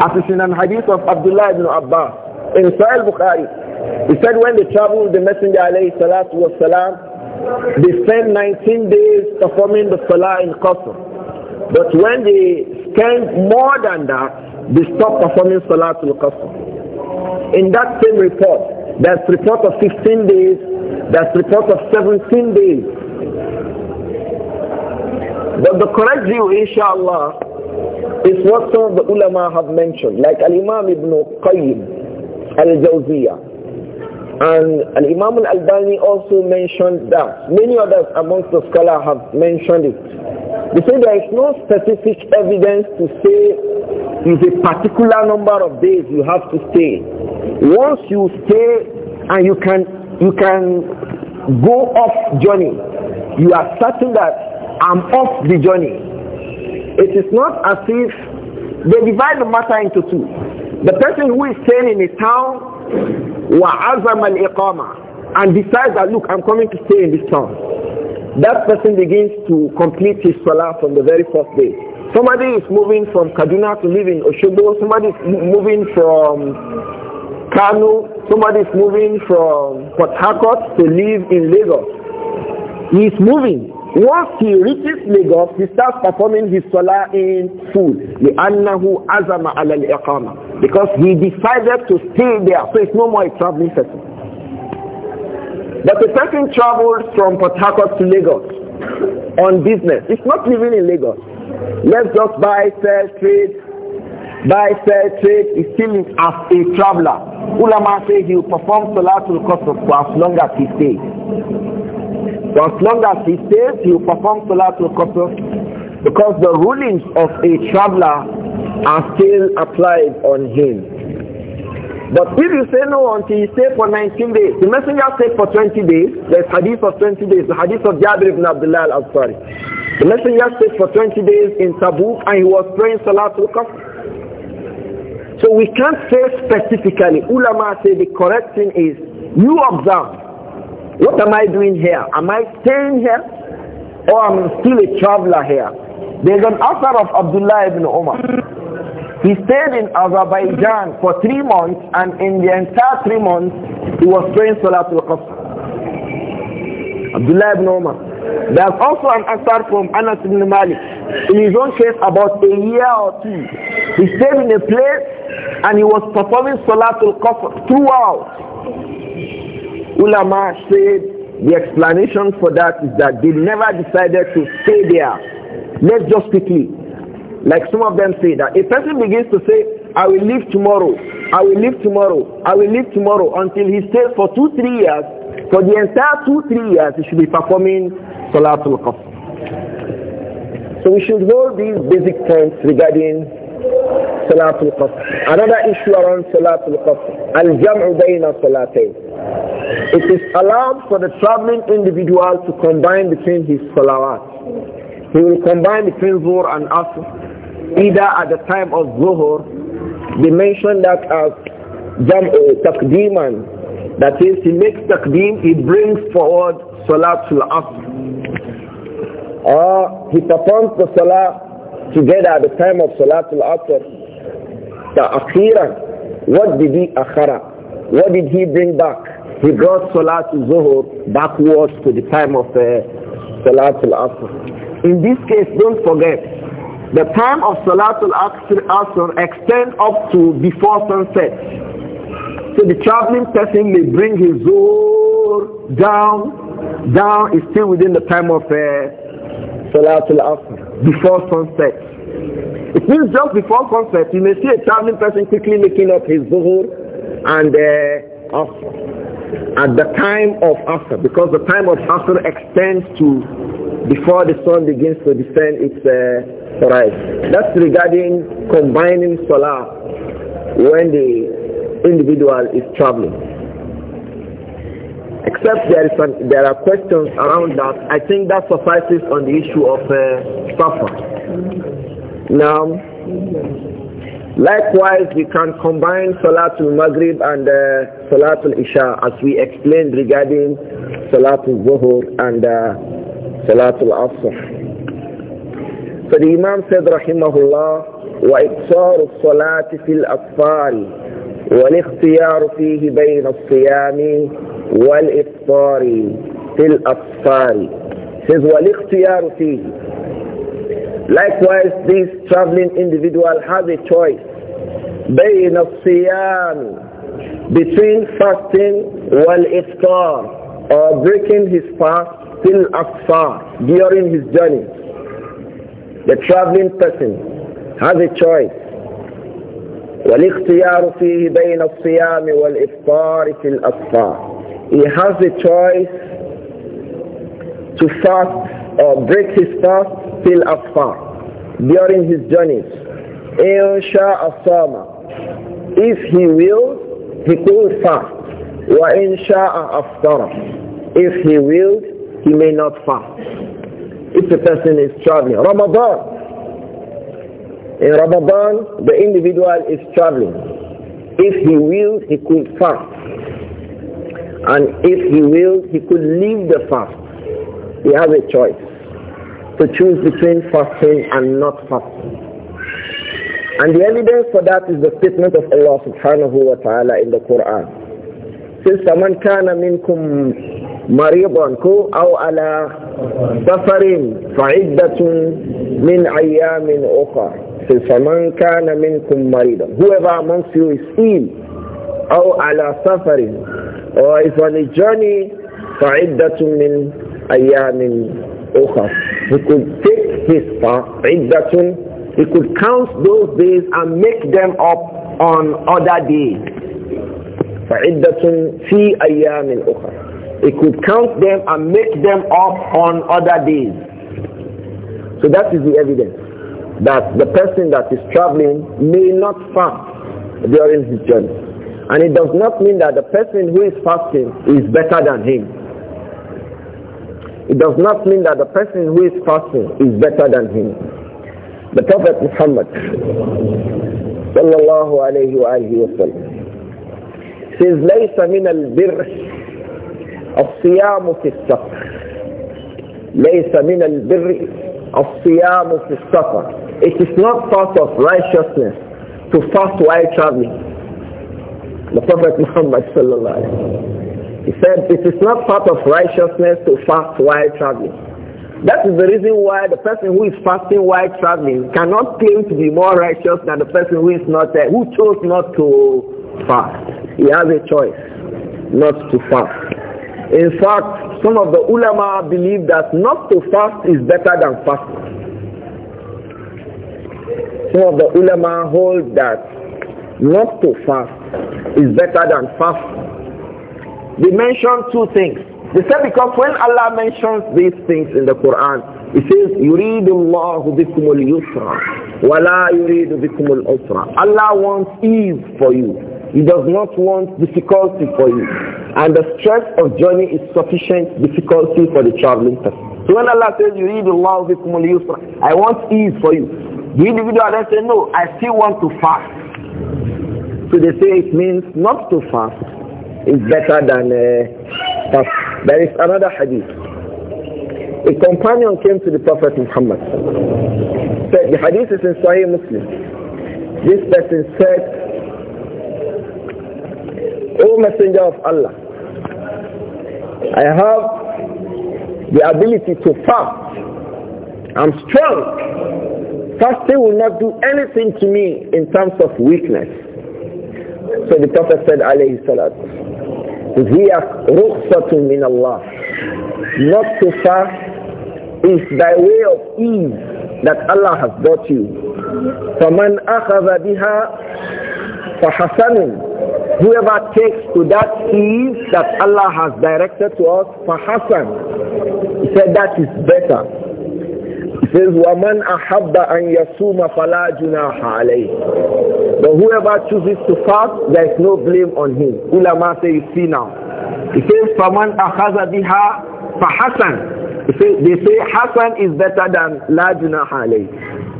As is in an hadith of Abdullah ibn Abbas in Sahih Bukhari. He said when they traveled with the Messenger alayhi salatu was salam, they spent 19 days performing the salah in Qasr. But when they spent more than that, they stopped performing salatul Qasr. In that same report, there's report of 15 days, there's report of 17 days. But the correct view, inshallah, is what some of the ulama have mentioned, like Al-Imam Ibn Qayyim Al-Jawziyah. And imam Al-Albani also mentioned that. Many others amongst the scholars have mentioned it. They say there is no specific evidence to say is a particular number of days you have to stay. Once you stay and you can, you can go off journey, you are certain that I'm off the journey. It is not as if they divide the matter into two. The person who is staying in a town وعزم الإقامة and decides that look I'm coming to stay in this town that person begins to complete his salah from the very first day somebody is moving from Kaduna to live in Oshobo somebody is moving from Kano somebody is moving from Port Harcourt to live in Lagos he is moving once he reaches Lagos he starts performing his salah in full لأنه عزم على الإقامة because he decided to stay there, so it's no more a traveling person. But the person traveled from Port Harcourt to Lagos on business. It's not living in Lagos. Let's just buy, sell, trade, buy, sell, trade. is still as a traveler. Ulama says he will perform to the Qasr for as long as he stays. So as long as he stays, he will perform to the Qasr because the rulings of a traveler are still applied on him. But if you say no until he stay for 19 days, the messenger stayed for 20 days, there's hadith of 20 days, the hadith of Jabir ibn Abdullah al-Ansari. The messenger stayed for 20 days in Tabuk and he was praying Salatul Qasr. So we can't say specifically, ulama say the correct thing is, you observe, what am I doing here? Am I staying here? Or I'm still a traveler here? There's an author of Abdullah ibn Umar. He stayed in Azerbaijan for three months and in the entire three months he was praying Salatul Qasr. Abdullah ibn Umar. There's also an answer from Anas ibn Malik. In his own case, about a year or two, he stayed in a place and he was performing Salatul Qasr throughout. Ulama said the explanation for that is that they never decided to stay there Let's just quickly, like some of them say that a person begins to say, I will leave tomorrow, I will leave tomorrow, I will leave tomorrow until he stays for two, three years. For the entire two, three years, he should be performing Salatul Qasr. So we should hold these basic points regarding Salatul Qasr. Another issue around Salatul Qasr, Al-Jam'u Bayna Salatayn. It is allowed for the traveling individual to combine between his salawat. He will combine between Zuhr and Asr, either at the time of Zuhr, they mention that as takdiman, that is, he makes takdim. he brings forward Salatul Asr. Or he performs the Salah together at the time of Salatul Asr. The Akhira, what did he Akhara? What did he bring back? He brought Salatul Zuhur backwards to the time of uh, Salatul Asr. In this case, don't forget, the time of Salatul Asr extends up to before sunset. So the traveling person may bring his zoor down, down is still within the time of uh, Salatul Asr, before sunset. It means just before sunset, you may see a traveling person quickly making up his zoor and uh, Asr at the time of Asr because the time of Asr extends to before the sun begins to descend its uh, rise. That's regarding combining salah when the individual is traveling. Except there, is an, there are questions around that. I think that suffices on the issue of uh, suffer. Now, Likewise, we can combine Salatul Maghrib and uh, Salatul Isha as we explained regarding Salatul Zuhur and uh, Salatul Asr. So the Imam said, Rahimahullah, وإقصار الصلاة في الأطفال والاختيار فيه بين الصيام والإفطار في الأطفال. Says, والاختيار فيه. Likewise, this traveling individual has a choice بين الصيام between fasting والإفطار or breaking his fast fil afar during his journey. The traveling person has a choice. والاختيار فيه بين الصيام والإفطار في الأسفار. He has a choice to fast or break his fast till afar during his journeys. Insha asama. If he will, he could fast. Wa insha aftara. If he will, he may not fast. If the person is traveling, Ramadan. In Ramadan, the individual is traveling. If he will, he could fast. And if he will, he could leave the fast. He has a choice to choose between fasting and not fasting. And the evidence for that is the statement of Allah subhanahu wa ta'ala in the Quran. Since someone kana مريضا كو أو على سفر فعدة من أيام أخرى فمن كان منكم مريضا whoever amongst you is أو على سفر او is on a journey فعدة من أيام أخرى he could take his فعدة he could count those days and make them up on other days فعدة في أيام أخرى He could count them and make them up on other days. So that is the evidence that the person that is traveling may not fast during his journey. And it does not mean that the person who is fasting is better than him. It does not mean that the person who is fasting is better than him. The Prophet Muhammad sallallahu alayhi wa sallam says, لَيْسَ مِنَ الصيام في السفر ليس من البر الصيام في السفر It is not part of righteousness to fast while traveling. The Prophet Muhammad sallallahu alaihi wasallam. He said it is not part of righteousness to fast while traveling. That is the reason why the person who is fasting while traveling cannot claim to be more righteous than the person who is not there, uh, who chose not to fast. He has a choice not to fast. In fact, some of the ulama believe that not to fast is better than fasting. Some of the ulama hold that not to fast is better than fasting. They mention two things. They say because when Allah mentions these things in the Quran, He says, يُرِيدُ اللَّهُ بِكُمُ الْيُسْرَ وَلَا يُرِيدُ بِكُمُ الْأُسْرَ Allah wants ease for you. He does not want difficulty for you. And the stress of journey is sufficient difficulty for the traveling person. So when Allah says, you read Allah I want ease for you. The individual then say, no, I still want to fast. So they say it means not to fast is better than uh, fast. There is another hadith. A companion came to the Prophet Muhammad. Said, the hadith is in Sahih Muslim. This person said, O Messenger of Allah, I have the ability to fast. I'm strong. Fasting will not do anything to me in terms of weakness. So the Prophet said, alayhi salatu, Hiya rukhsatun min Allah. Not to fast is by way of ease that Allah has brought you. فَمَنْ أَخَذَ بِهَا فَحَسَنٌ Whoever takes to that ease that Allah has directed to us, for Hassan, he said that is better. He says, وَمَنْ أَحَبَّ أَنْ يَصُومَ فَلَا جُنَاحَ عَلَيْهِ But whoever chooses to fast, there is no blame on him. Ulama say, you see now. He says, فَمَنْ أَخَذَ بِهَا فَحَسَنْ He says, They say, Hassan is better than لَا جُنَاحَ عَلَيْهِ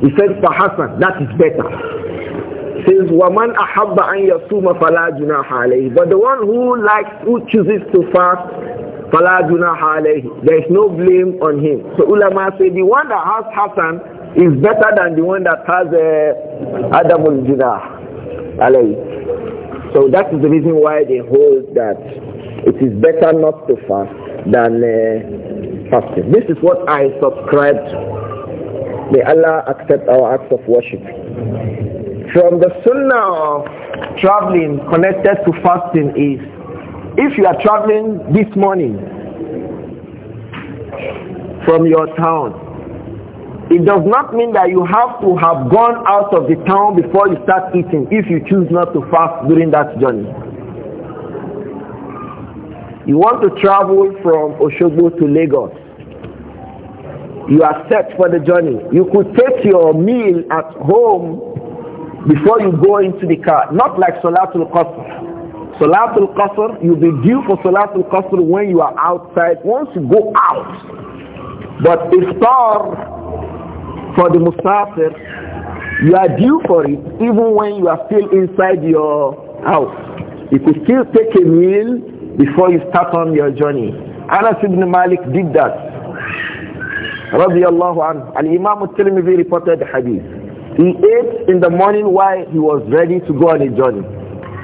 He says, فَحَسَنْ That is better says, وَمَنْ أَحَبَّ أَنْ يَصُومَ فَلَا جُنَاحَ عَلَيْهِ But the one who likes, who chooses to fast, فَلَا جُنَاحَ عَلَيْهِ There is no blame on him. So ulama say, the one that has Hassan is better than the one that has uh, Adamul So that is the reason why they hold that it is better not to fast than uh, fasting. This is what I subscribe to. May Allah accept our acts of worship. From the sunnah of traveling connected to fasting is if you are traveling this morning from your town, it does not mean that you have to have gone out of the town before you start eating if you choose not to fast during that journey. You want to travel from Oshogbo to Lagos you are set for the journey. You could take your meal at home before you go into the car. Not like Salatul Qasr. Salatul Qasr, you'll be due for Salatul Qasr when you are outside, once you go out. But Iftar for the Musafir, you are due for it even when you are still inside your house. You could still take a meal before you start on your journey. Anas ibn Malik did that. رضي الله عنه الإمام الترمذي reported the hadith he ate in the morning while he was ready to go on a journey.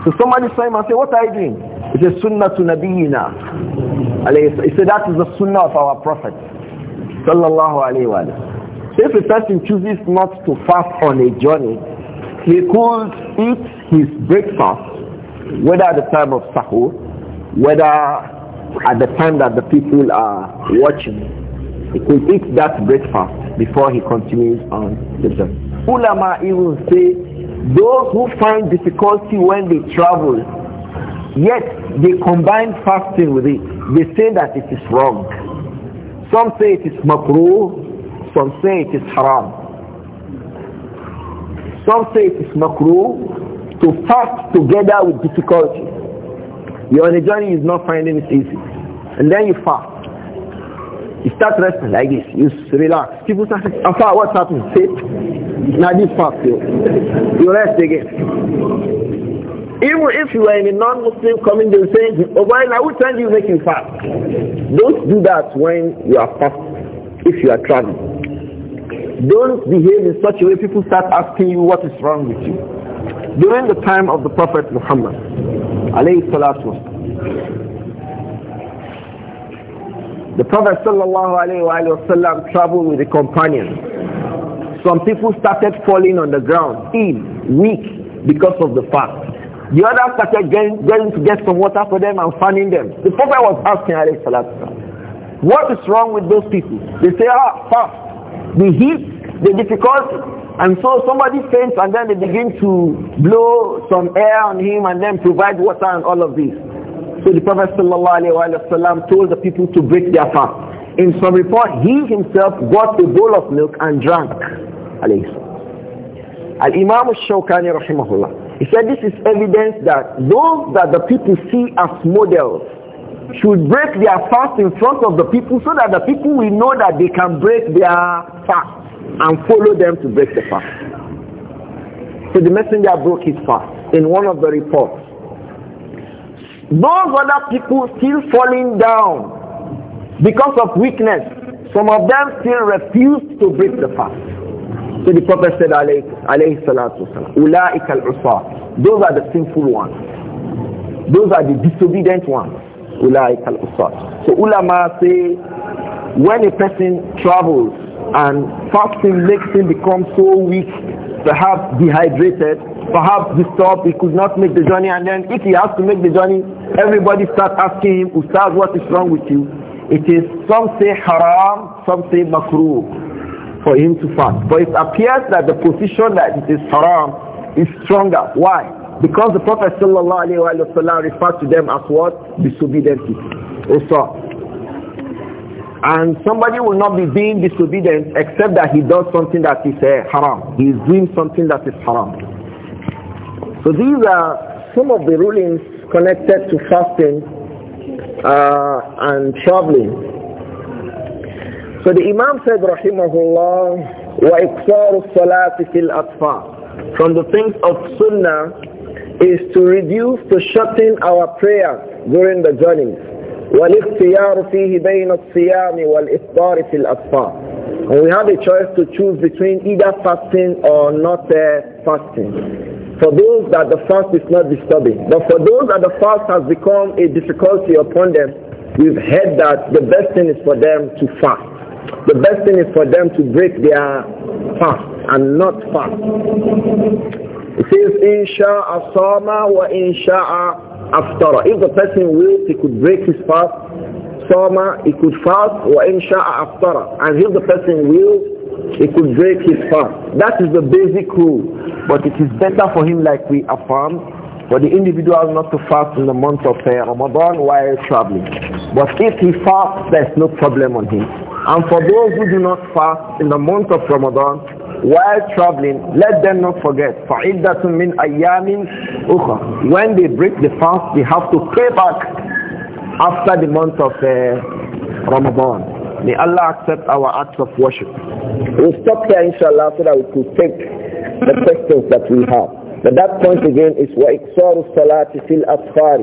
So somebody saw him and said, what are you doing? He said, sunnah to nabiyina. He said, that is the sunnah of our prophet. Sallallahu alayhi wa So if a person chooses not to fast on a journey, he could eat his breakfast, whether at the time of sahur, whether at the time that the people are watching. He could eat that breakfast before he continues on the journey. Ulama even say those who find difficulty when they travel, yet they combine fasting with it, they say that it is wrong. Some say it is makruh, some say it is haram. Some say it is makruh to fast together with difficulty. You're on a journey is not finding it easy. And then you fast. You start resting like this. You relax. People start saying, Afa, what's happening? Sit. Now this fast, you, you rest again. Even if you are in a non-Muslim coming, and saying, oh, why now which time do you make you fast? Don't do that when you are fasting, if you are traveling. Don't behave in such a way people start asking you what is wrong with you. During the time of the Prophet Muhammad, alayhi salatu the Prophet ﷺ traveled with the companions. Some people started falling on the ground, ill, weak, because of the fast. The others started going to get some water for them and fanning them. The Prophet was asking alayhi what is wrong with those people? They say, ah, fast. The heat, the difficulty. And so somebody faints and then they begin to blow some air on him and then provide water and all of this. So the Prophet ﷺ told the people to break their fast. In some report, he himself got a bowl of milk and drank. Al-Imam al-Shawkani rahimahullah. He said this is evidence that those that the people see as models should break their fast in front of the people so that the people will know that they can break their fast and follow them to break the fast. So the messenger broke his fast in one of the reports. Those other people still falling down because of weakness. Some of them still refused to break the fast. So the Prophet said, alayhi, salatu wasalam, al Those are the sinful ones. Those are the disobedient ones. Ula'ik al So ulama say, when a person travels and fasting makes him become so weak perhaps dehydrated, perhaps disturbed, he could not make the journey. And then if he has to make the journey, everybody starts asking him, Ustaz, what is wrong with you? It is, some say haram, some say makruh for him to fast. But it appears that the position that it is haram is stronger. Why? Because the Prophet ﷺ refers to them as what? Disobedient Also, oh, and somebody will not be being disobedient except that he does something that is uh, haram. He is doing something that is haram. So these are some of the rulings connected to fasting uh, and traveling. So the Imam said, Rahimahullah, وَإِقْصَارُ الصَّلَاةِ فِي الْأَطْفَالِ From the things of Sunnah is to reduce, to shorten our prayer during the journey. والاختيار فيه بين الصيام والإفطار في الأطفال and we have a choice to choose between either fasting or not uh, fasting. For those that the fast is not disturbing, but for those that the fast has become a difficulty upon them, we've heard that the best thing is for them to fast. The best thing is for them to break their fast and not fast. It says, aftara. If the person wills, he could break his fast. Sama, he could fast, wa insha'a aftara. And if the person wills, he could break his fast. That is the basic rule. But it is better for him, like we affirm, for the individual not to fast in the month of uh, Ramadan while traveling. But if he fasts, there's no problem on him. And for those who do not fast in the month of Ramadan, while traveling, let them not forget, mean مِّنْ أَيَّامٍ أُخَرٍ When they break the fast, they have to pay back after the month of uh, Ramadan. May Allah accept our acts of worship. We'll stop here, inshallah, so that we could take the questions that we have. But that point again is وَإِكْسَارُ الصَّلَاةِ فِي الْأَصْفَارِ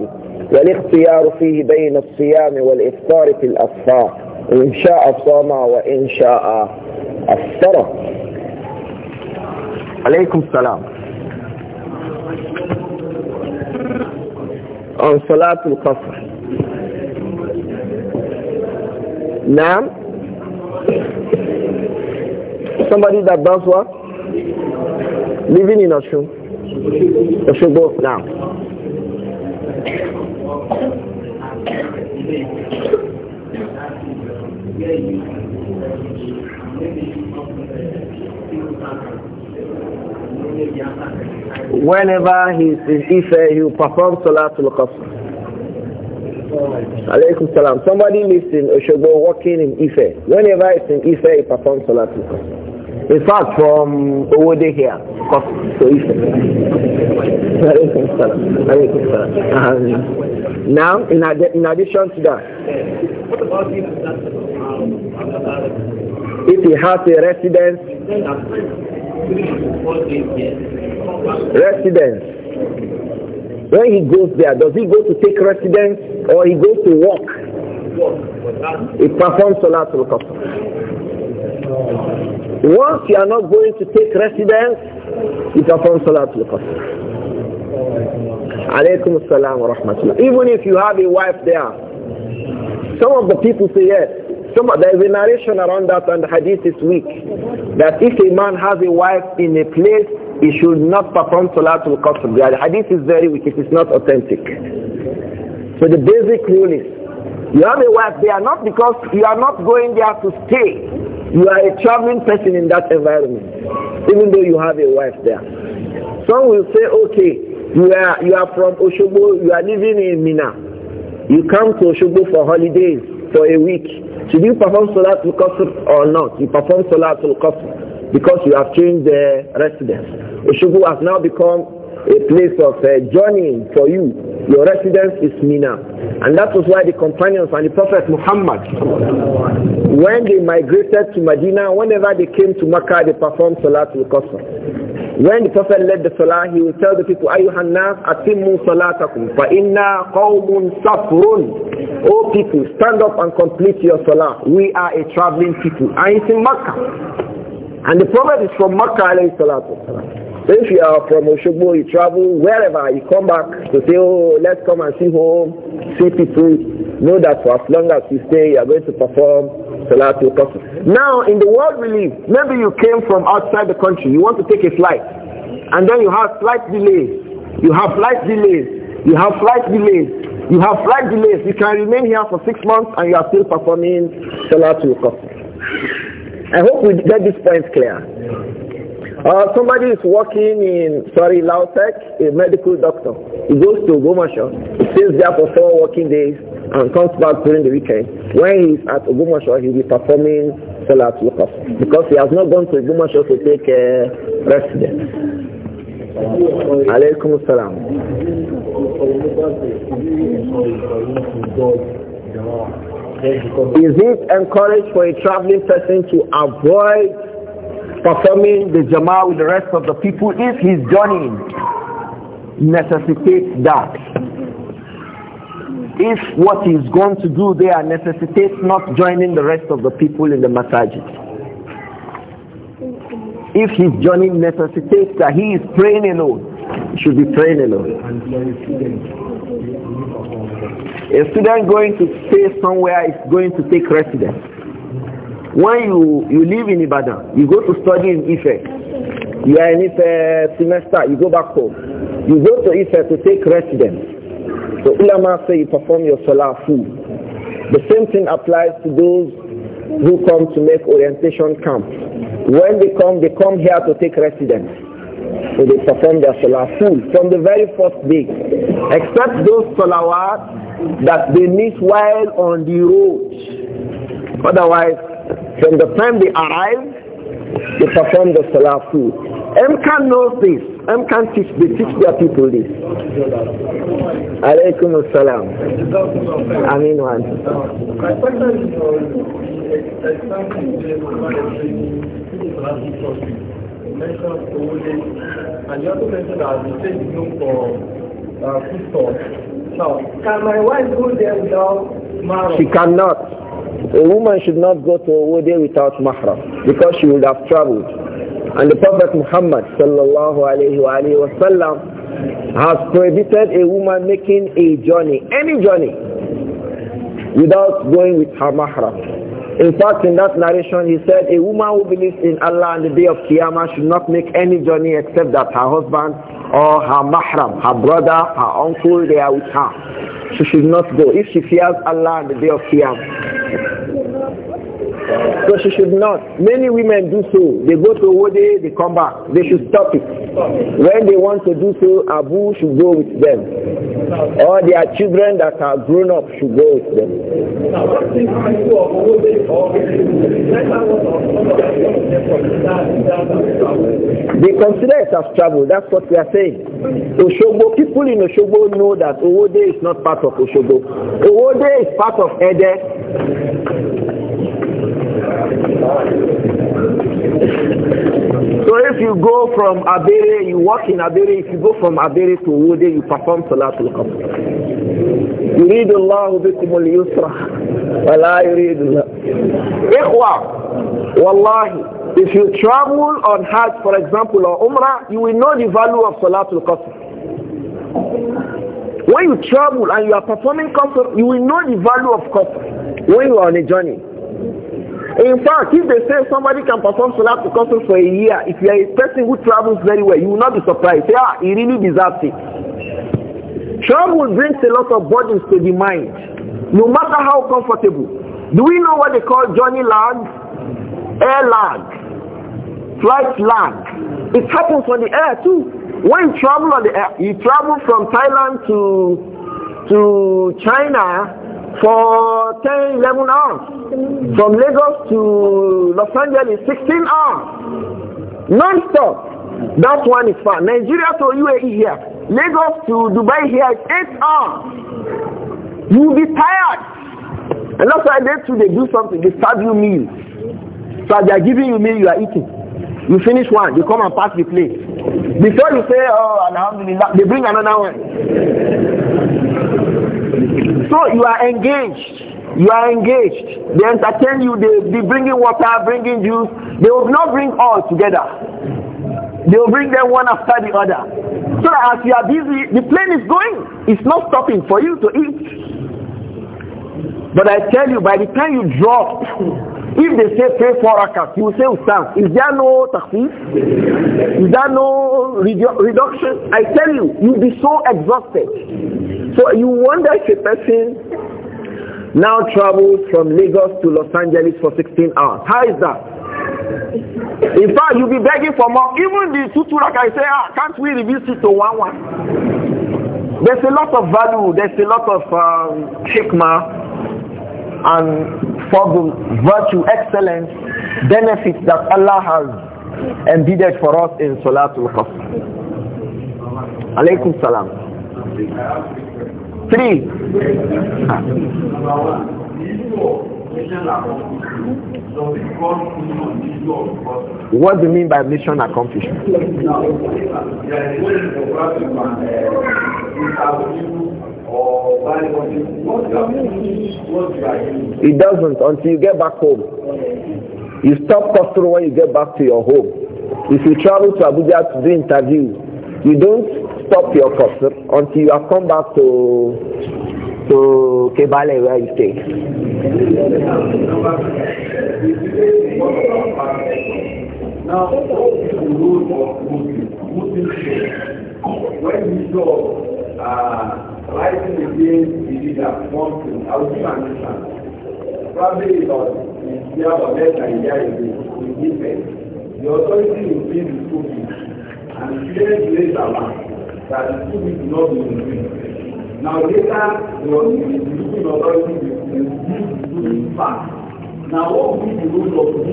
وَالْإِخْتِيَارُ فِيهِ بَيْنَ الصِّيَامِ وَالْإِفْطَارِ فِي الْأَصْفَارِ إِنْ شَاءَ صَامَ وَإِنْ شَاءَ أَفْطَرَ Alaykum salam. On Salatul Qasr. Now, somebody that does what? Living in Oshun. Oshogbo now. Thank you. Whenever he is Ife, he will perform Salatul Qasr. Alaykum salam. Somebody lives in Oshogbo walking in Ife. Whenever it's in Ife, he performs Salatul Qasr. In fact, from Owode here, to Ife. Alaykum salam. Alaykum salam. Um, now, in, ad- in addition to that, if he has a residence, Residence. When he goes there, does he go to take residence or he goes to work? He performs Salatul Qasr. Once you are not going to take residence, you perform Salatul Qasr. Alaykum assalam wa rahmatullah. Even if you have a wife there, some of the people say yes there is a narration around that and the hadith is weak. That if a man has a wife in a place, he should not perform Salatul Qasr. The hadith is very weak. It is not authentic. So the basic rule is, you have a wife there not because you are not going there to stay. You are a traveling person in that environment, even though you have a wife there. Some will say, okay, you are, you are from Oshobo, you are living in Mina. You come to Oshobo for holidays for a week. Should you perform Salatul Qasr or not? You perform Salatul Qasr because you have changed the residence. Ushubu has now become a place of uh, journeying for you. Your residence is Mina. And that was why the companions and the Prophet Muhammad, when they migrated to Medina, whenever they came to Makkah, they performed Salatul Qasr. When the Prophet led the Salah, he would tell the people, Ayyuhan nas, atimmu salatakum, fa inna qawmun safrun. O people, stand up and complete your Salah. We are a traveling people. I it's in Makkah. And the Prophet is from Makkah, alayhi salatu so if you are from Oshogbo, you travel wherever, you come back to say, oh, let's come and see home, see people, know that for as long as you stay, you are going to perform Salatul Qasr. Now, in the world we live, maybe you came from outside the country, you want to take a flight, and then you have flight delays, you have flight delays, you have flight delays, you have flight delays. You can remain here for six months and you are still performing Salatul Qasr. I hope we get this point clear. Uh, somebody is working in, sorry, Lautech, a medical doctor. He goes to Gomasho, stays there for four working days, and comes back during the weekend. When he is at Gomasho, he will be performing Salat Lukas because he has not gone to Gomasho to take a uh, residence. Alaykum Is it encouraged for a traveling person to avoid performing the jama'ah with the rest of the people if his joining necessitates that. If what he's going to do there necessitates not joining the rest of the people in the masajid. If his joining necessitates that he is praying alone, he should be praying alone. A student going to stay somewhere is going to take residence. When you, you live in Ibadan, you go to study in Ife. You are in Ife semester, you go back home. You go to Ife to take residence. So ulama say you perform your salah full. The same thing applies to those who come to make orientation camp. When they come, they come here to take residence. So they perform their salah full from the very first day. Except those salawat that they miss while on the road. Otherwise, from the time they arrive, they perform the salah full. MCAN knows this. MCAN teach, they teach their people this. Alaykum as-salam. Amin wa mentioned and you that the is known for uh, food stores. No. Can my wife go there without mahram? She cannot. A woman should not go to a wedding without mahram because she would have traveled. And the Prophet Muhammad sallallahu alayhi wa alayhi has prohibited a woman making a journey, any journey, without going with her mahram. In fact, in that narration, he said, a woman who believes in Allah on the day of Qiyamah should not make any journey except that her husband or her mahram, her brother, her uncle, they are with her. She should not go if she fears Allah on the day of Qiyamah. So she should not. Many women do so. They go to Owode, they come back. They should stop it. When they want to do so, Abu should go with them. Or their children that are grown up should go with them. They consider it as travel. That's what we are saying. Oshobo, people in Oshobo know that Owode is not part of Oshobo. Owode is part of Ede. So if you go from Abere, you walk in Abere, if you go from Abere to Wode, you perform Salatul Qasr. يريد الله بكم اليسر ولا يريد الله إخوة والله if you travel on Hajj for example or Umrah you will know the value of Salatul Qasr when you travel and you are performing Qasr, you will know the value of Qasr. when you are on a journey. In fact, if they say somebody can perform solar to for a year, if you are a person who travels very well, you will not be surprised. Yeah, he really deserves it. Travel brings a lot of burdens to the mind, no matter how comfortable. Do we know what they call journey lag? Air lag. Flight lag. It happens on the air too. When you travel on the air, you travel from Thailand to to China for 10, 11 hours. From Lagos to Los Angeles, 16 hours. Non-stop. That one is far. Nigeria to UAE here. Lagos to Dubai here is 8 hours. You'll be tired. And that's why they too, they do something. They serve you meal. So they are giving you meal, you are eating. You finish one, you come and pass the plate. Before you say, oh, Alhamdulillah, they bring another one. So you are engaged. You are engaged. They entertain you. They be bringing water, bringing juice. They will not bring all together. They will bring them one after the other. So that as you are busy, the plane is going. It's not stopping for you to eat. But I tell you, by the time you drop, if they say pray four rakats, you say Ustaz, is there no taqfif? Is there no redu reduction? I tell you, you'll be so exhausted. So you wonder if a person now travels from Lagos to Los Angeles for 16 hours. How is that? In fact, you'll be begging for more. Even the two I say, ah, can't we reduce it to one one? There's a lot of value. There's a lot of um, hikmah and for the virtue, excellence, benefits that Allah has embedded for us in Salatul Qasr. Alaykum salam. Three. What do you mean by mission accomplishment? It doesn't until you get back home. You stop costing when you get back to your home. If you travel to Abuja to do interview, you don't stop your custom until you have come back to to Kebale where you stay. Now, when we saw writing against the leader one thing i will give an example probably about a year or less than a year ago in defense the authority will pay the school fees and parents later learn that the school do not be in green now later the looking authority will reduce the school fees fast Now what is the role of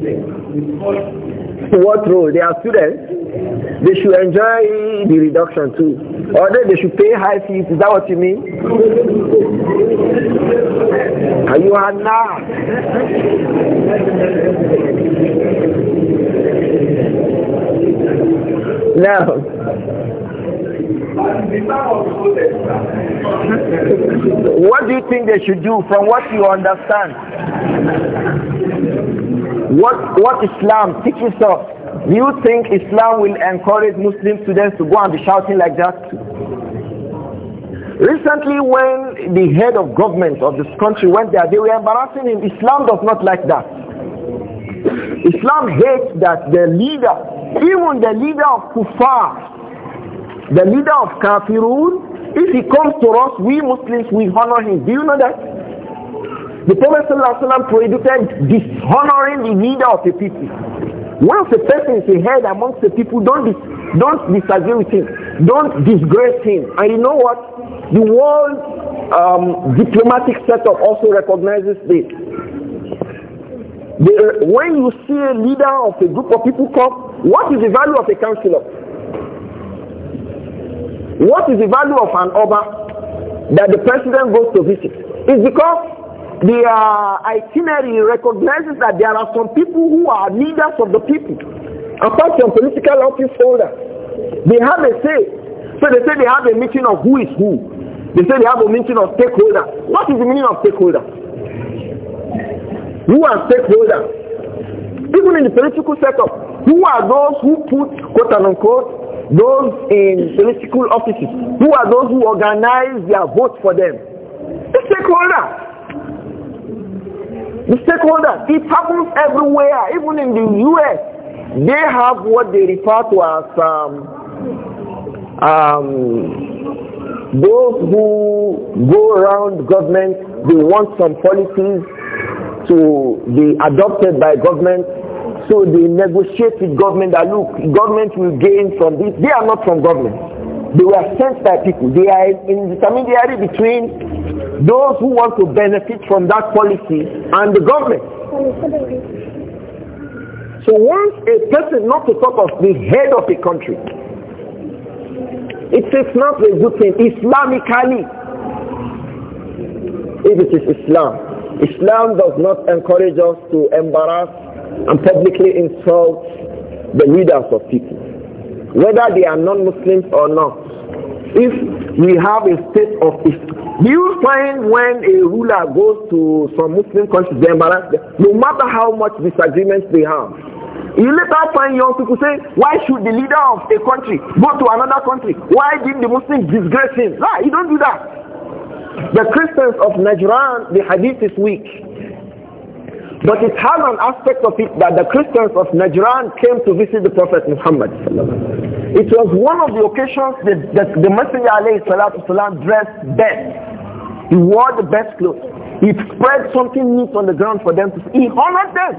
students? What role? They are students. They should enjoy the reduction too. Or they should pay high fees. Is that what you mean? Are you are not. Now, what do you think they should do from what you understand? What, what Islam teaches us? Do you think Islam will encourage Muslim students to go and be shouting like that? Recently when the head of government of this country went there, they were embarrassing him. Islam does not like that. Islam hates that the leader, even the leader of Kufar, the leader of Kafirun, if he comes to us, we Muslims, we honor him. Do you know that? The Prophet ﷺ prohibited dishonoring the leader of the people. Once a person is a head amongst the people, don't, dis don't disagree with him. Don't disgrace him. And you know what? The world um, diplomatic setup also recognizes this. The, when you see a leader of a group of people come, what is the value of a counselor? What is the value of an Oba that the president goes to visit? It's because the uh, itinerary recognizes that there are some people who are leaders of the people, apart from political office holders. They have a say. So they say they have a meeting of who is who. They say they have a meeting of stakeholders. What is the meaning of stakeholders? Who are stakeholders? Even in the political setup, who are those who put, quote unquote, those in political offices, who are those who organize their vote for them? The stakeholder, The stakeholder. It happens everywhere, even in the U.S. They have what they refer to as um, um, those who go around government, they want some policies to be adopted by government so they negotiate with government that look, government will gain from this. They are not from government. They were sent by people. They are in intermediary between those who want to benefit from that policy and the government. So once a person, not to talk of the head of a country, it is not a good thing. Islamically, if it is Islam, Islam does not encourage us to embarrass and publicly insult the leaders of people, whether they are non-Muslims or not. If we have a state of you find when a ruler goes to some Muslim country, they embarrass them, no matter how much disagreements they have. You later find young people say, why should the leader of a country go to another country? Why did the Muslims disgrace him? No, you don't do that. The Christians of Najran, the hadith is weak. But it has an aspect of it that the Christians of Najran came to visit the Prophet Muhammad. It was one of the occasions that, that the Messenger والسلام, dressed best. He wore the best clothes. He spread something neat on the ground for them to see. He honored them.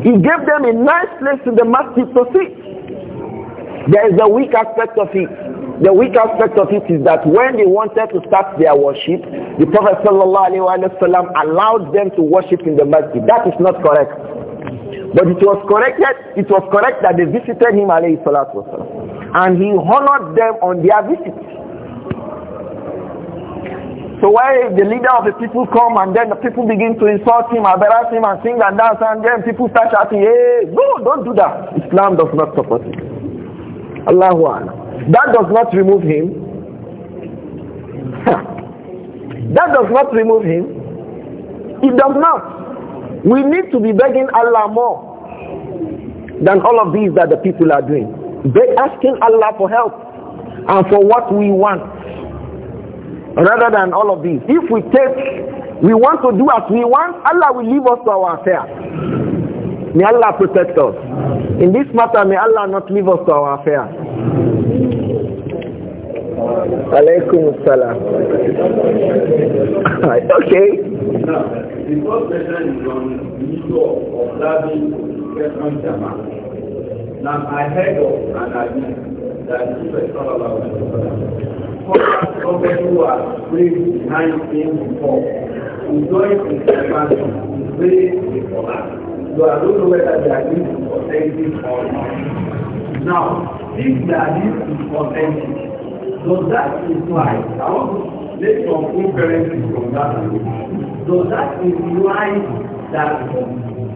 He gave them a nice place in the masjid to sit. There is a weak aspect of it. The weak aspect of it is that when they wanted to start their worship, the Prophet ﷺ allowed them to worship in the masjid. That is not correct. But it was corrected, it was correct that they visited him alayhi And he honored them on their visit. So why the leader of the people come and then the people begin to insult him, embarrass him and sing and dance and then people start shouting, hey, no, don't do that. Islam does not support it. Allahu Akbar. That does not remove him. that does not remove him. It does not. We need to be begging Allah more than all of these that the people are doing. They're asking Allah for help and for what we want rather than all of these. If we take, we want to do as we want, Allah will leave us to our affairs. May Allah protect us. In this matter, may Allah not leave us to our affairs. Alaikum salam. okay. Now, the first person is on the issue of observing second Jama. Now, I heard of an idea that the Prophet Sallallahu Alaihi Wasallam Prophet who are praying behind things, before, enjoying the compassion, is very important. So I don't know whether they are going to authentic or not. Now, if they the hadith is authentic, So that is why I want to make some inferences from that. So that is why that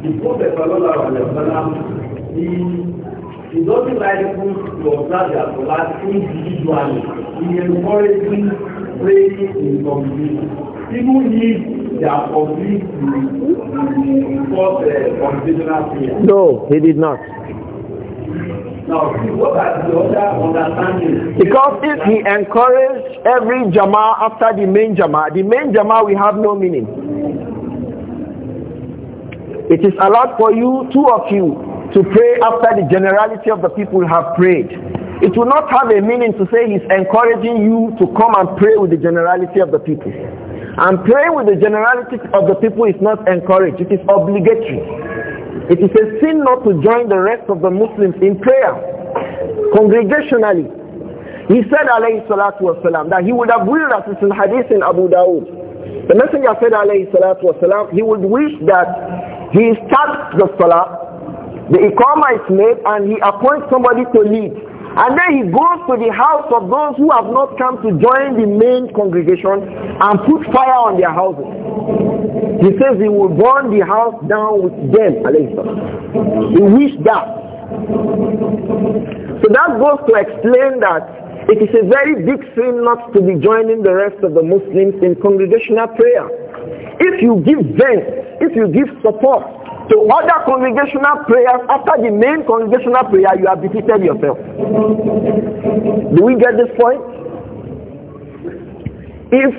the Prophet Sallallahu Alaihi Wasallam he he doesn't like to observe their salat individually. He encourages praying in community. People they are complete for the congregational uh, prayer. No, he did not. Because if he encouraged every Jama after the main Jama, the main Jama will have no meaning. It is allowed for you, two of you, to pray after the generality of the people have prayed. It will not have a meaning to say he's encouraging you to come and pray with the generality of the people. And praying with the generality of the people is not encouraged, it is obligatory. It is a sin not to join the rest of the Muslims in prayer, congregationally. He said, alayhi salatu wasalam, that he would have willed, as it's in hadith in Abu Dawud. The messenger said, alayhi salatu wasalam, he would wish that he starts the salah, the iqamah is made, and he appoints somebody to lead. And then he goes to the house of those who have not come to join the main congregation and put fire on their houses. He says he will burn the house down with them. He wished that. So that goes to explain that it is a very big sin not to be joining the rest of the Muslims in congregational prayer. If you give vent, if you give support to other congregational prayers after the main congregational prayer you have defeated yourself do we get this point if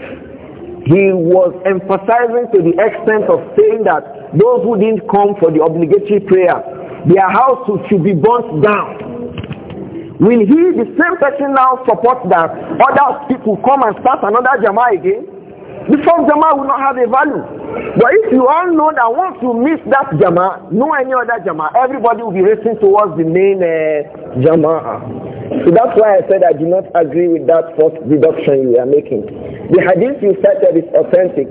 he was emphasizing to the extent of saying that those who didn't come for the obligatory prayer their house should be burnt down will he the same person now support that other people come and start another jama again the first jama will not have a value but if you all know that once you miss that Jama, no any other Jama, everybody will be racing towards the main uh, Jama. So that's why I said I do not agree with that first deduction you are making. The hadith you cited is authentic.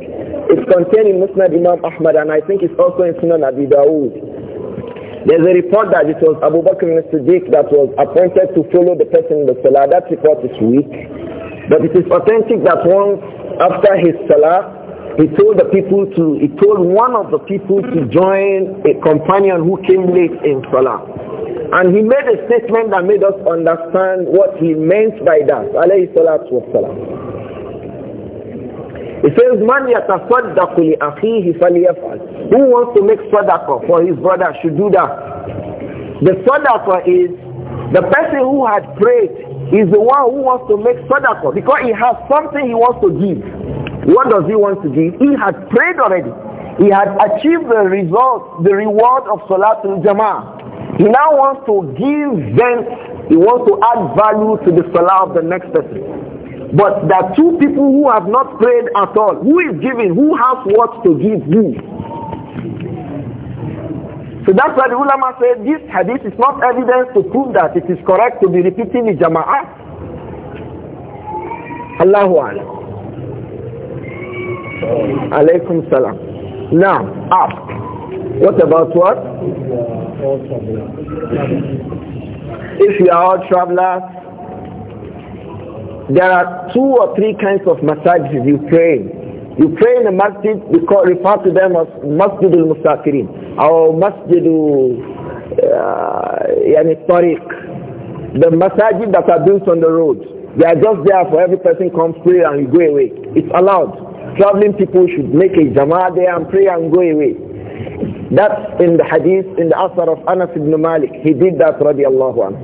It's contained in Musnad Imam Ahmad and I think it's also in Sunan Abi Dawood. There's a report that it was Abu Bakr al-Siddiq that was appointed to follow the person in the Salah. That report is weak. But it is authentic that once after his Salah, he told the people to, he told one of the people to join a companion who came late in Salah. And he made a statement that made us understand what he meant by that. Alayhi salatu wasalam. He says, Man yatasaddaqu li akhihi falyaf'al. Who wants to make sadaqah for his brother should do that. The sadaqah is the person who had prayed is the one who wants to make sadaqah because he has something he wants to give. What does he want to give? He had prayed already. He had achieved the result, the reward of Salatul Jama'ah. He now wants to give Then he wants to add value to the Salah of the next person. But there are two people who have not prayed at all. Who is giving? Who has what to give who? So that's why the ulama said this hadith is not evidence to prove that it is correct to be repeating the jama'ah. Allahu Alam. Alaykum salam. Now, ask. What about what? If you are all travelers, there are two or three kinds of massages you pray. You pray in the masjid, we call, refer to them as Masjid al-Musafirin or Masjid uh, yani Tariq. The masajid that are built on the road. They are just there for every person comes pray and you go away. It's allowed traveling people should make a jama'ah there and pray and go away. That's in the hadith, in the asar of Anas ibn Malik. He did that radiallahu anhu.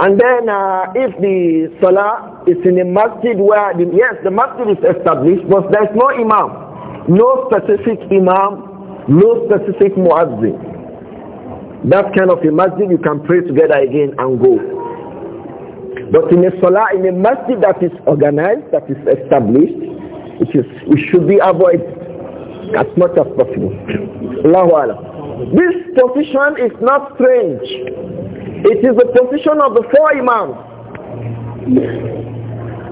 And then uh, if the salah is in a masjid where, the, yes, the masjid is established, but there's no imam. No specific imam, no specific muazzin. That kind of a masjid, you can pray together again and go. But in a salah, in a masjid that is organized, that is established, it, is, it should be avoided as much as possible. Allahu This position is not strange. It is the position of the four imams.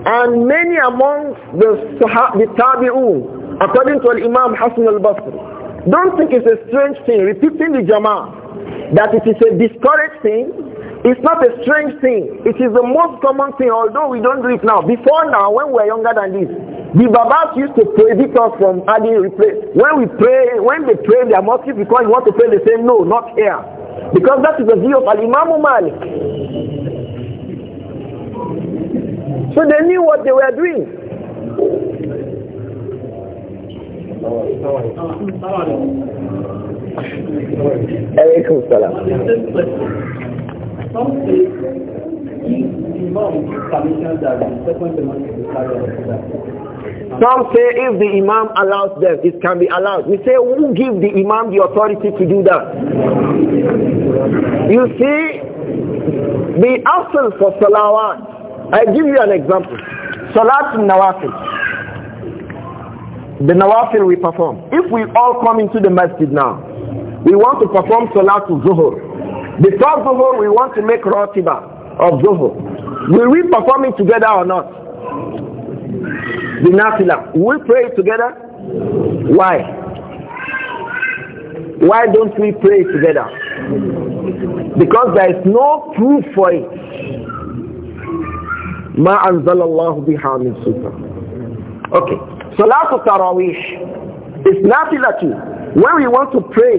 And many among the, the Tabi'un, according to Imam Hassan al-Basri, don't think it's a strange thing, repeating the Jama'ah, that it is a discouraged thing, it's not a strange thing. It is the most common thing, although we don't do it now. Before now, when we were younger than this, The Babas used to predict us from adding replace When we pray, when they pray, they are motive because you want to pray, they say, no, not here. Because that is the view of Al-Imam Malik. So they knew what they were doing. Some say, Imam permission that the second command is the Some say if the Imam allows them, it can be allowed. We say who give the Imam the authority to do that? You see, the absence for salawat. I give you an example. Salat nawafil. The nawafil we perform. If we all come into the masjid now, we want to perform salat zuhur. Before zuhur, we want to make rotiba of zuhur. Will we perform it together or not? The nafila. We pray together. Why? Why don't we pray together? Because there is no proof for it. ما أنزل الله بها من سلطان. Okay. Salatul Taraweeh is nafila too. When we want to pray,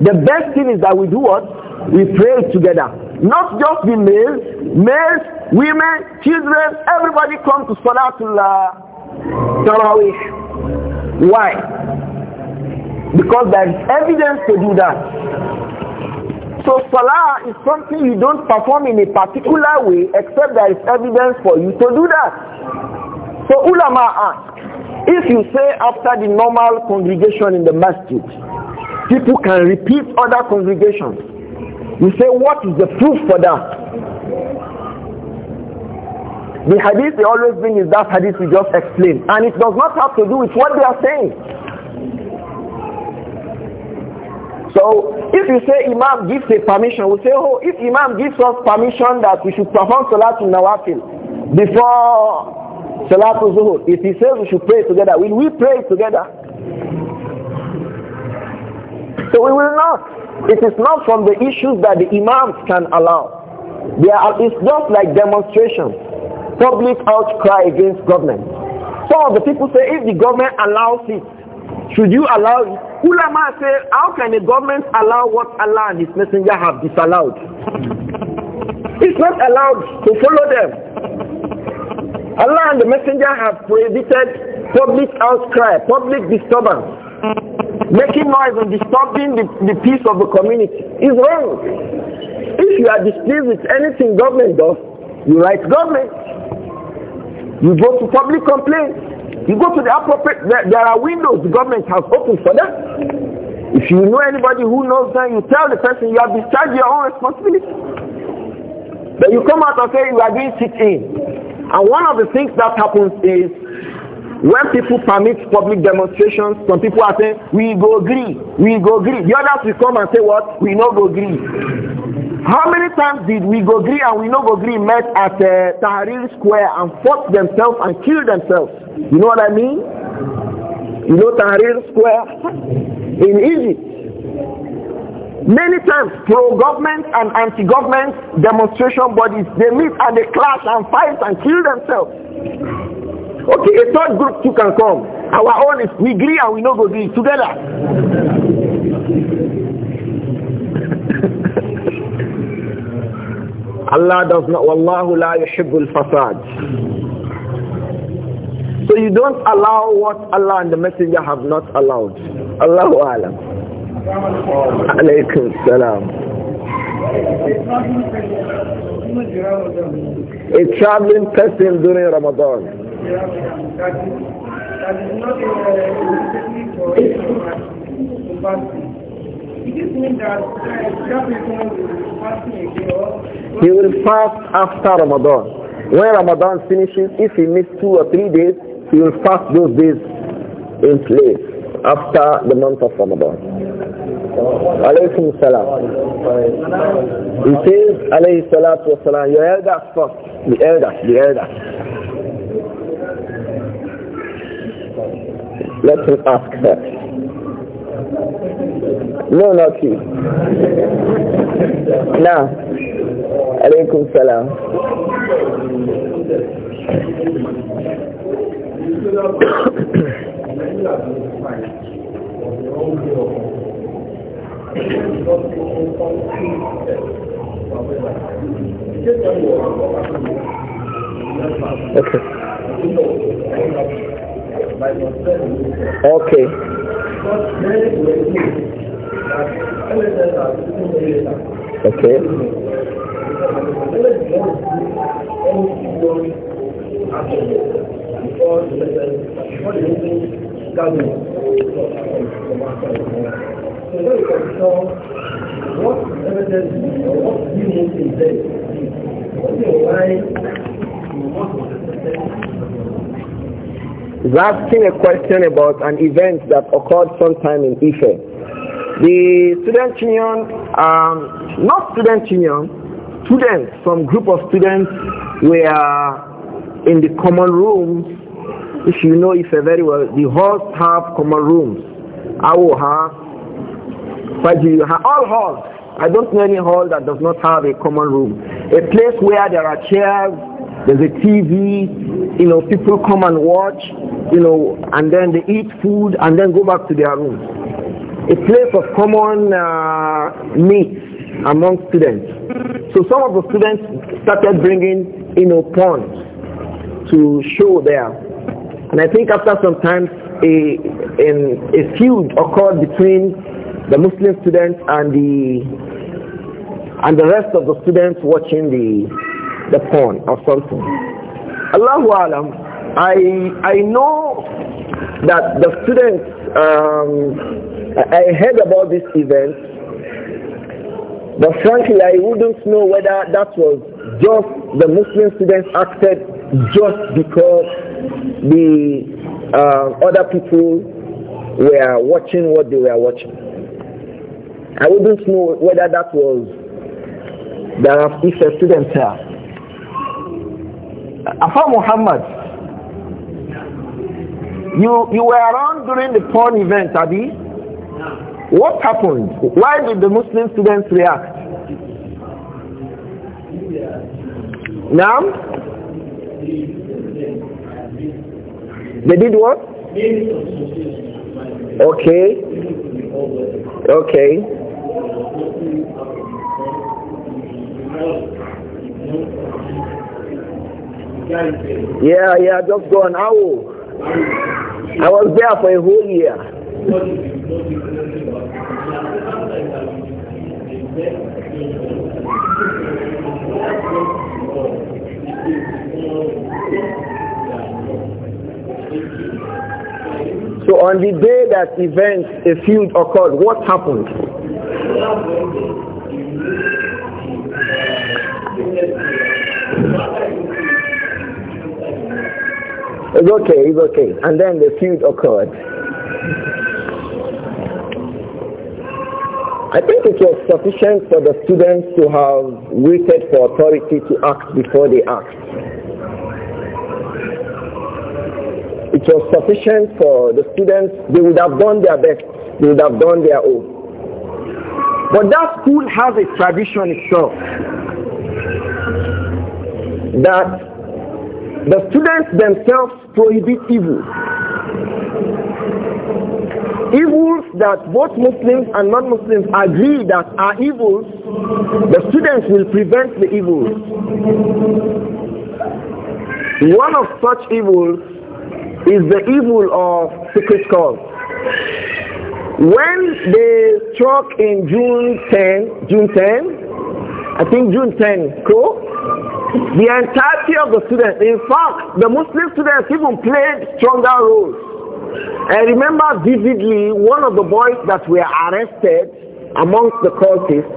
the best thing is that we do what? We pray together. Not just the males, males, women, children, everybody come to Salatul Taraweeh. Why? Because there is evidence to do that. So Salah is something you don't perform in a particular way except there is evidence for you to do that. So ulama ask, if you say after the normal congregation in the masjid, people can repeat other congregations. You say, what is the proof for that? The hadith they always bring is that hadith we just explained. And it does not have to do with what they are saying. So if you say Imam gives a permission, we say, oh, if Imam gives us permission that we should perform salat in Nawafil before salat Zuhur, if he says we should pray together, will we pray together? So we will not. It is not from the issues that the imams can allow. are, it's just like demonstrations, public outcry against government. Some of the people say, if the government allows it, should you allow it? Ulama say, how can the government allow what Allah and His Messenger have disallowed? it's not allowed to follow them. Allah and the Messenger have prohibited public outcry, public disturbance. Making noise and disturbing the, the peace of the community is wrong. If you are displeased with anything government does, you write government. You go to public complaint. You go to the appropriate, there, there are windows the government has opened for that. If you know anybody who knows them, you tell the person you have discharged your own responsibility. But you come out and say you are doing sit-in. And one of the things that happens is when people permit public demonstrations, some people are saying, we go agree, we go agree. The others will come and say what? We no go agree. How many times did we go agree and we no go agree met at uh, Tahrir Square and fought themselves and killed themselves? You know what I mean? You know Tahrir Square in Egypt. Many times pro-government and anti-government demonstration bodies, they meet and they clash and fight and kill themselves. Okay, a third group too can come. Our own is we agree and we know go do it together. Allah does not Wallahu la yuhibbul fasad. So you don't allow what Allah and the Messenger have not allowed. Allahu alam. Alaykum salam. A traveling person during Ramadan. He will fast after Ramadan. When Ramadan finishes, if he missed two or three days, he will fast those days in place after the month of Ramadan. Alaykum salam. He says, alayhi salatu wasalam, your elders first. The elders, the elders. Let him ask that. No, not you. Now, alaykum salam. Okay. Okay. Okay. Okay. So you what evidence or what is asking a question about an event that occurred sometime in Ife. The student union, um, not student union, students, some group of students were in the common rooms if you know if very well, the halls have common rooms. Awoha, Fajiyuha, all halls. I don't know any hall that does not have a common room. A place where there are chairs, there's a TV, you know, people come and watch, you know, and then they eat food and then go back to their rooms. A place of common uh, among students. So some of the students started bringing, you know, pawns to show there and I think after some time, a, a feud occurred between the Muslim students and the and the rest of the students watching the the porn or something. Allahu alam. I I know that the students. Um, I heard about this event, but frankly, I wouldn't know whether that was just the Muslim students acted just because the uh, other people were watching what they were watching. I wouldn't know whether that was that if a student here. Afa Muhammad, you you were around during the porn event, Abi. What happened? Why did the Muslim students react? Now? They did what? Okay. Okay. Yeah, yeah, just go on. How? I was there for a whole year. So on the day that event, a feud occurred, what happened? It's okay, it's okay. And then the feud occurred. I think it was sufficient for the students to have waited for authority to act before they act. it was sufficient for the students. They would have done their best. They would have done their own. But that school has a tradition itself that the students themselves prohibit evil. Evils that both Muslims and non-Muslims agree that are evils, the students will prevent the evils. One of such evils is the evil of secret calls. When they struck in June 10, June 10, I think June 10, cool? The entirety of the students, in fact, the Muslim students even played stronger roles. I remember vividly one of the boys that were arrested amongst the cultists.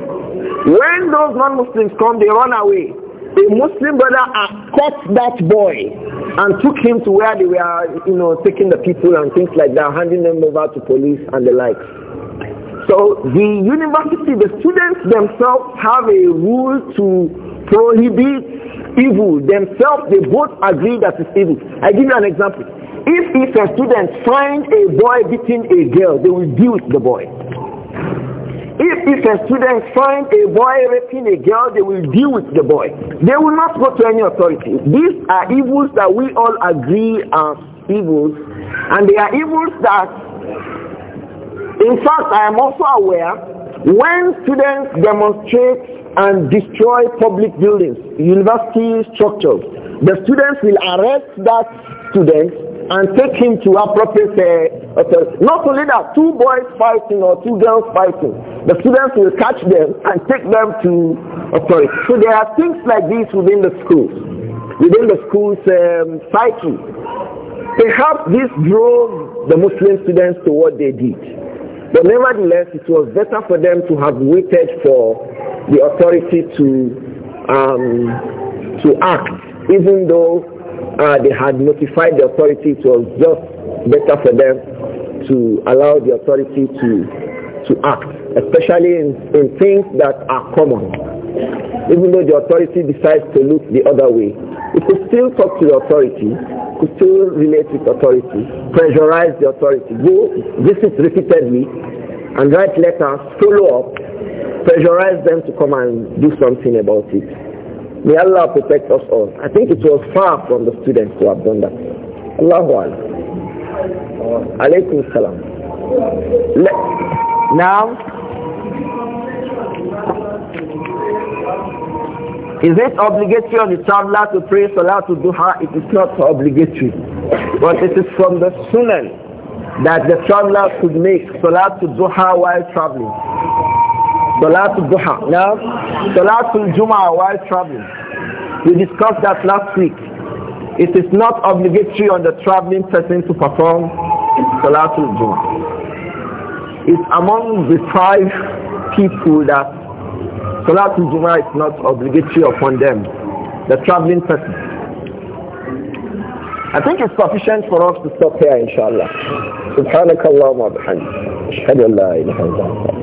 When those non-Muslims come, they run away a Muslim brother caught that boy and took him to where they were, you know, taking the people and things like that, handing them over to police and the like. So the university, the students themselves have a rule to prohibit evil. Themselves, they both agree that it's evil. I give you an example. If, if a student finds a boy beating a girl, they will deal with the boy. If, these a student finds a boy raping a girl, they will deal with the boy. They will not go to any authority. These are evils that we all agree are evils. And they are evils that, in fact, I am also aware, when students demonstrate and destroy public buildings, university structures, the students will arrest that student and take him to appropriate uh, hotels. Not only that, two boys fighting or two girls fighting, the students will catch them and take them to authority. So there are things like this within the schools, within the school's um, psyche. Perhaps this drove the Muslim students to what they did. But nevertheless, it was better for them to have waited for the authority to um, to act, even though uh, they had notified the authority, it was just better for them to allow the authority to, to act, especially in, in things that are common. Even though the authority decides to look the other way, you could still talk to the authority, could still relate with authority, pressurize the authority, go visit repeatedly, and write letters, follow up, pressurize them to come and do something about it. May Allah protect us all. I think it was far from the students to have done that. Allahu Akbar. Alaykum salam. Now, is it obligatory on the traveler to pray Salatul Duha? It is not obligatory. But it is from the Sunnah that the traveler should make Salatul Duha while traveling. Salatul Duha. Now, Salatul Jum'ah while traveling. We discussed that last week. It is not obligatory on the traveling person to perform Salatul Jum'ah. It's among the five people that Salatul Jum'ah is not obligatory upon them, the traveling person. I think it's sufficient for us to stop here, inshallah. سبحانك اللهم وبحمدك اشهد ان لا اله الا انت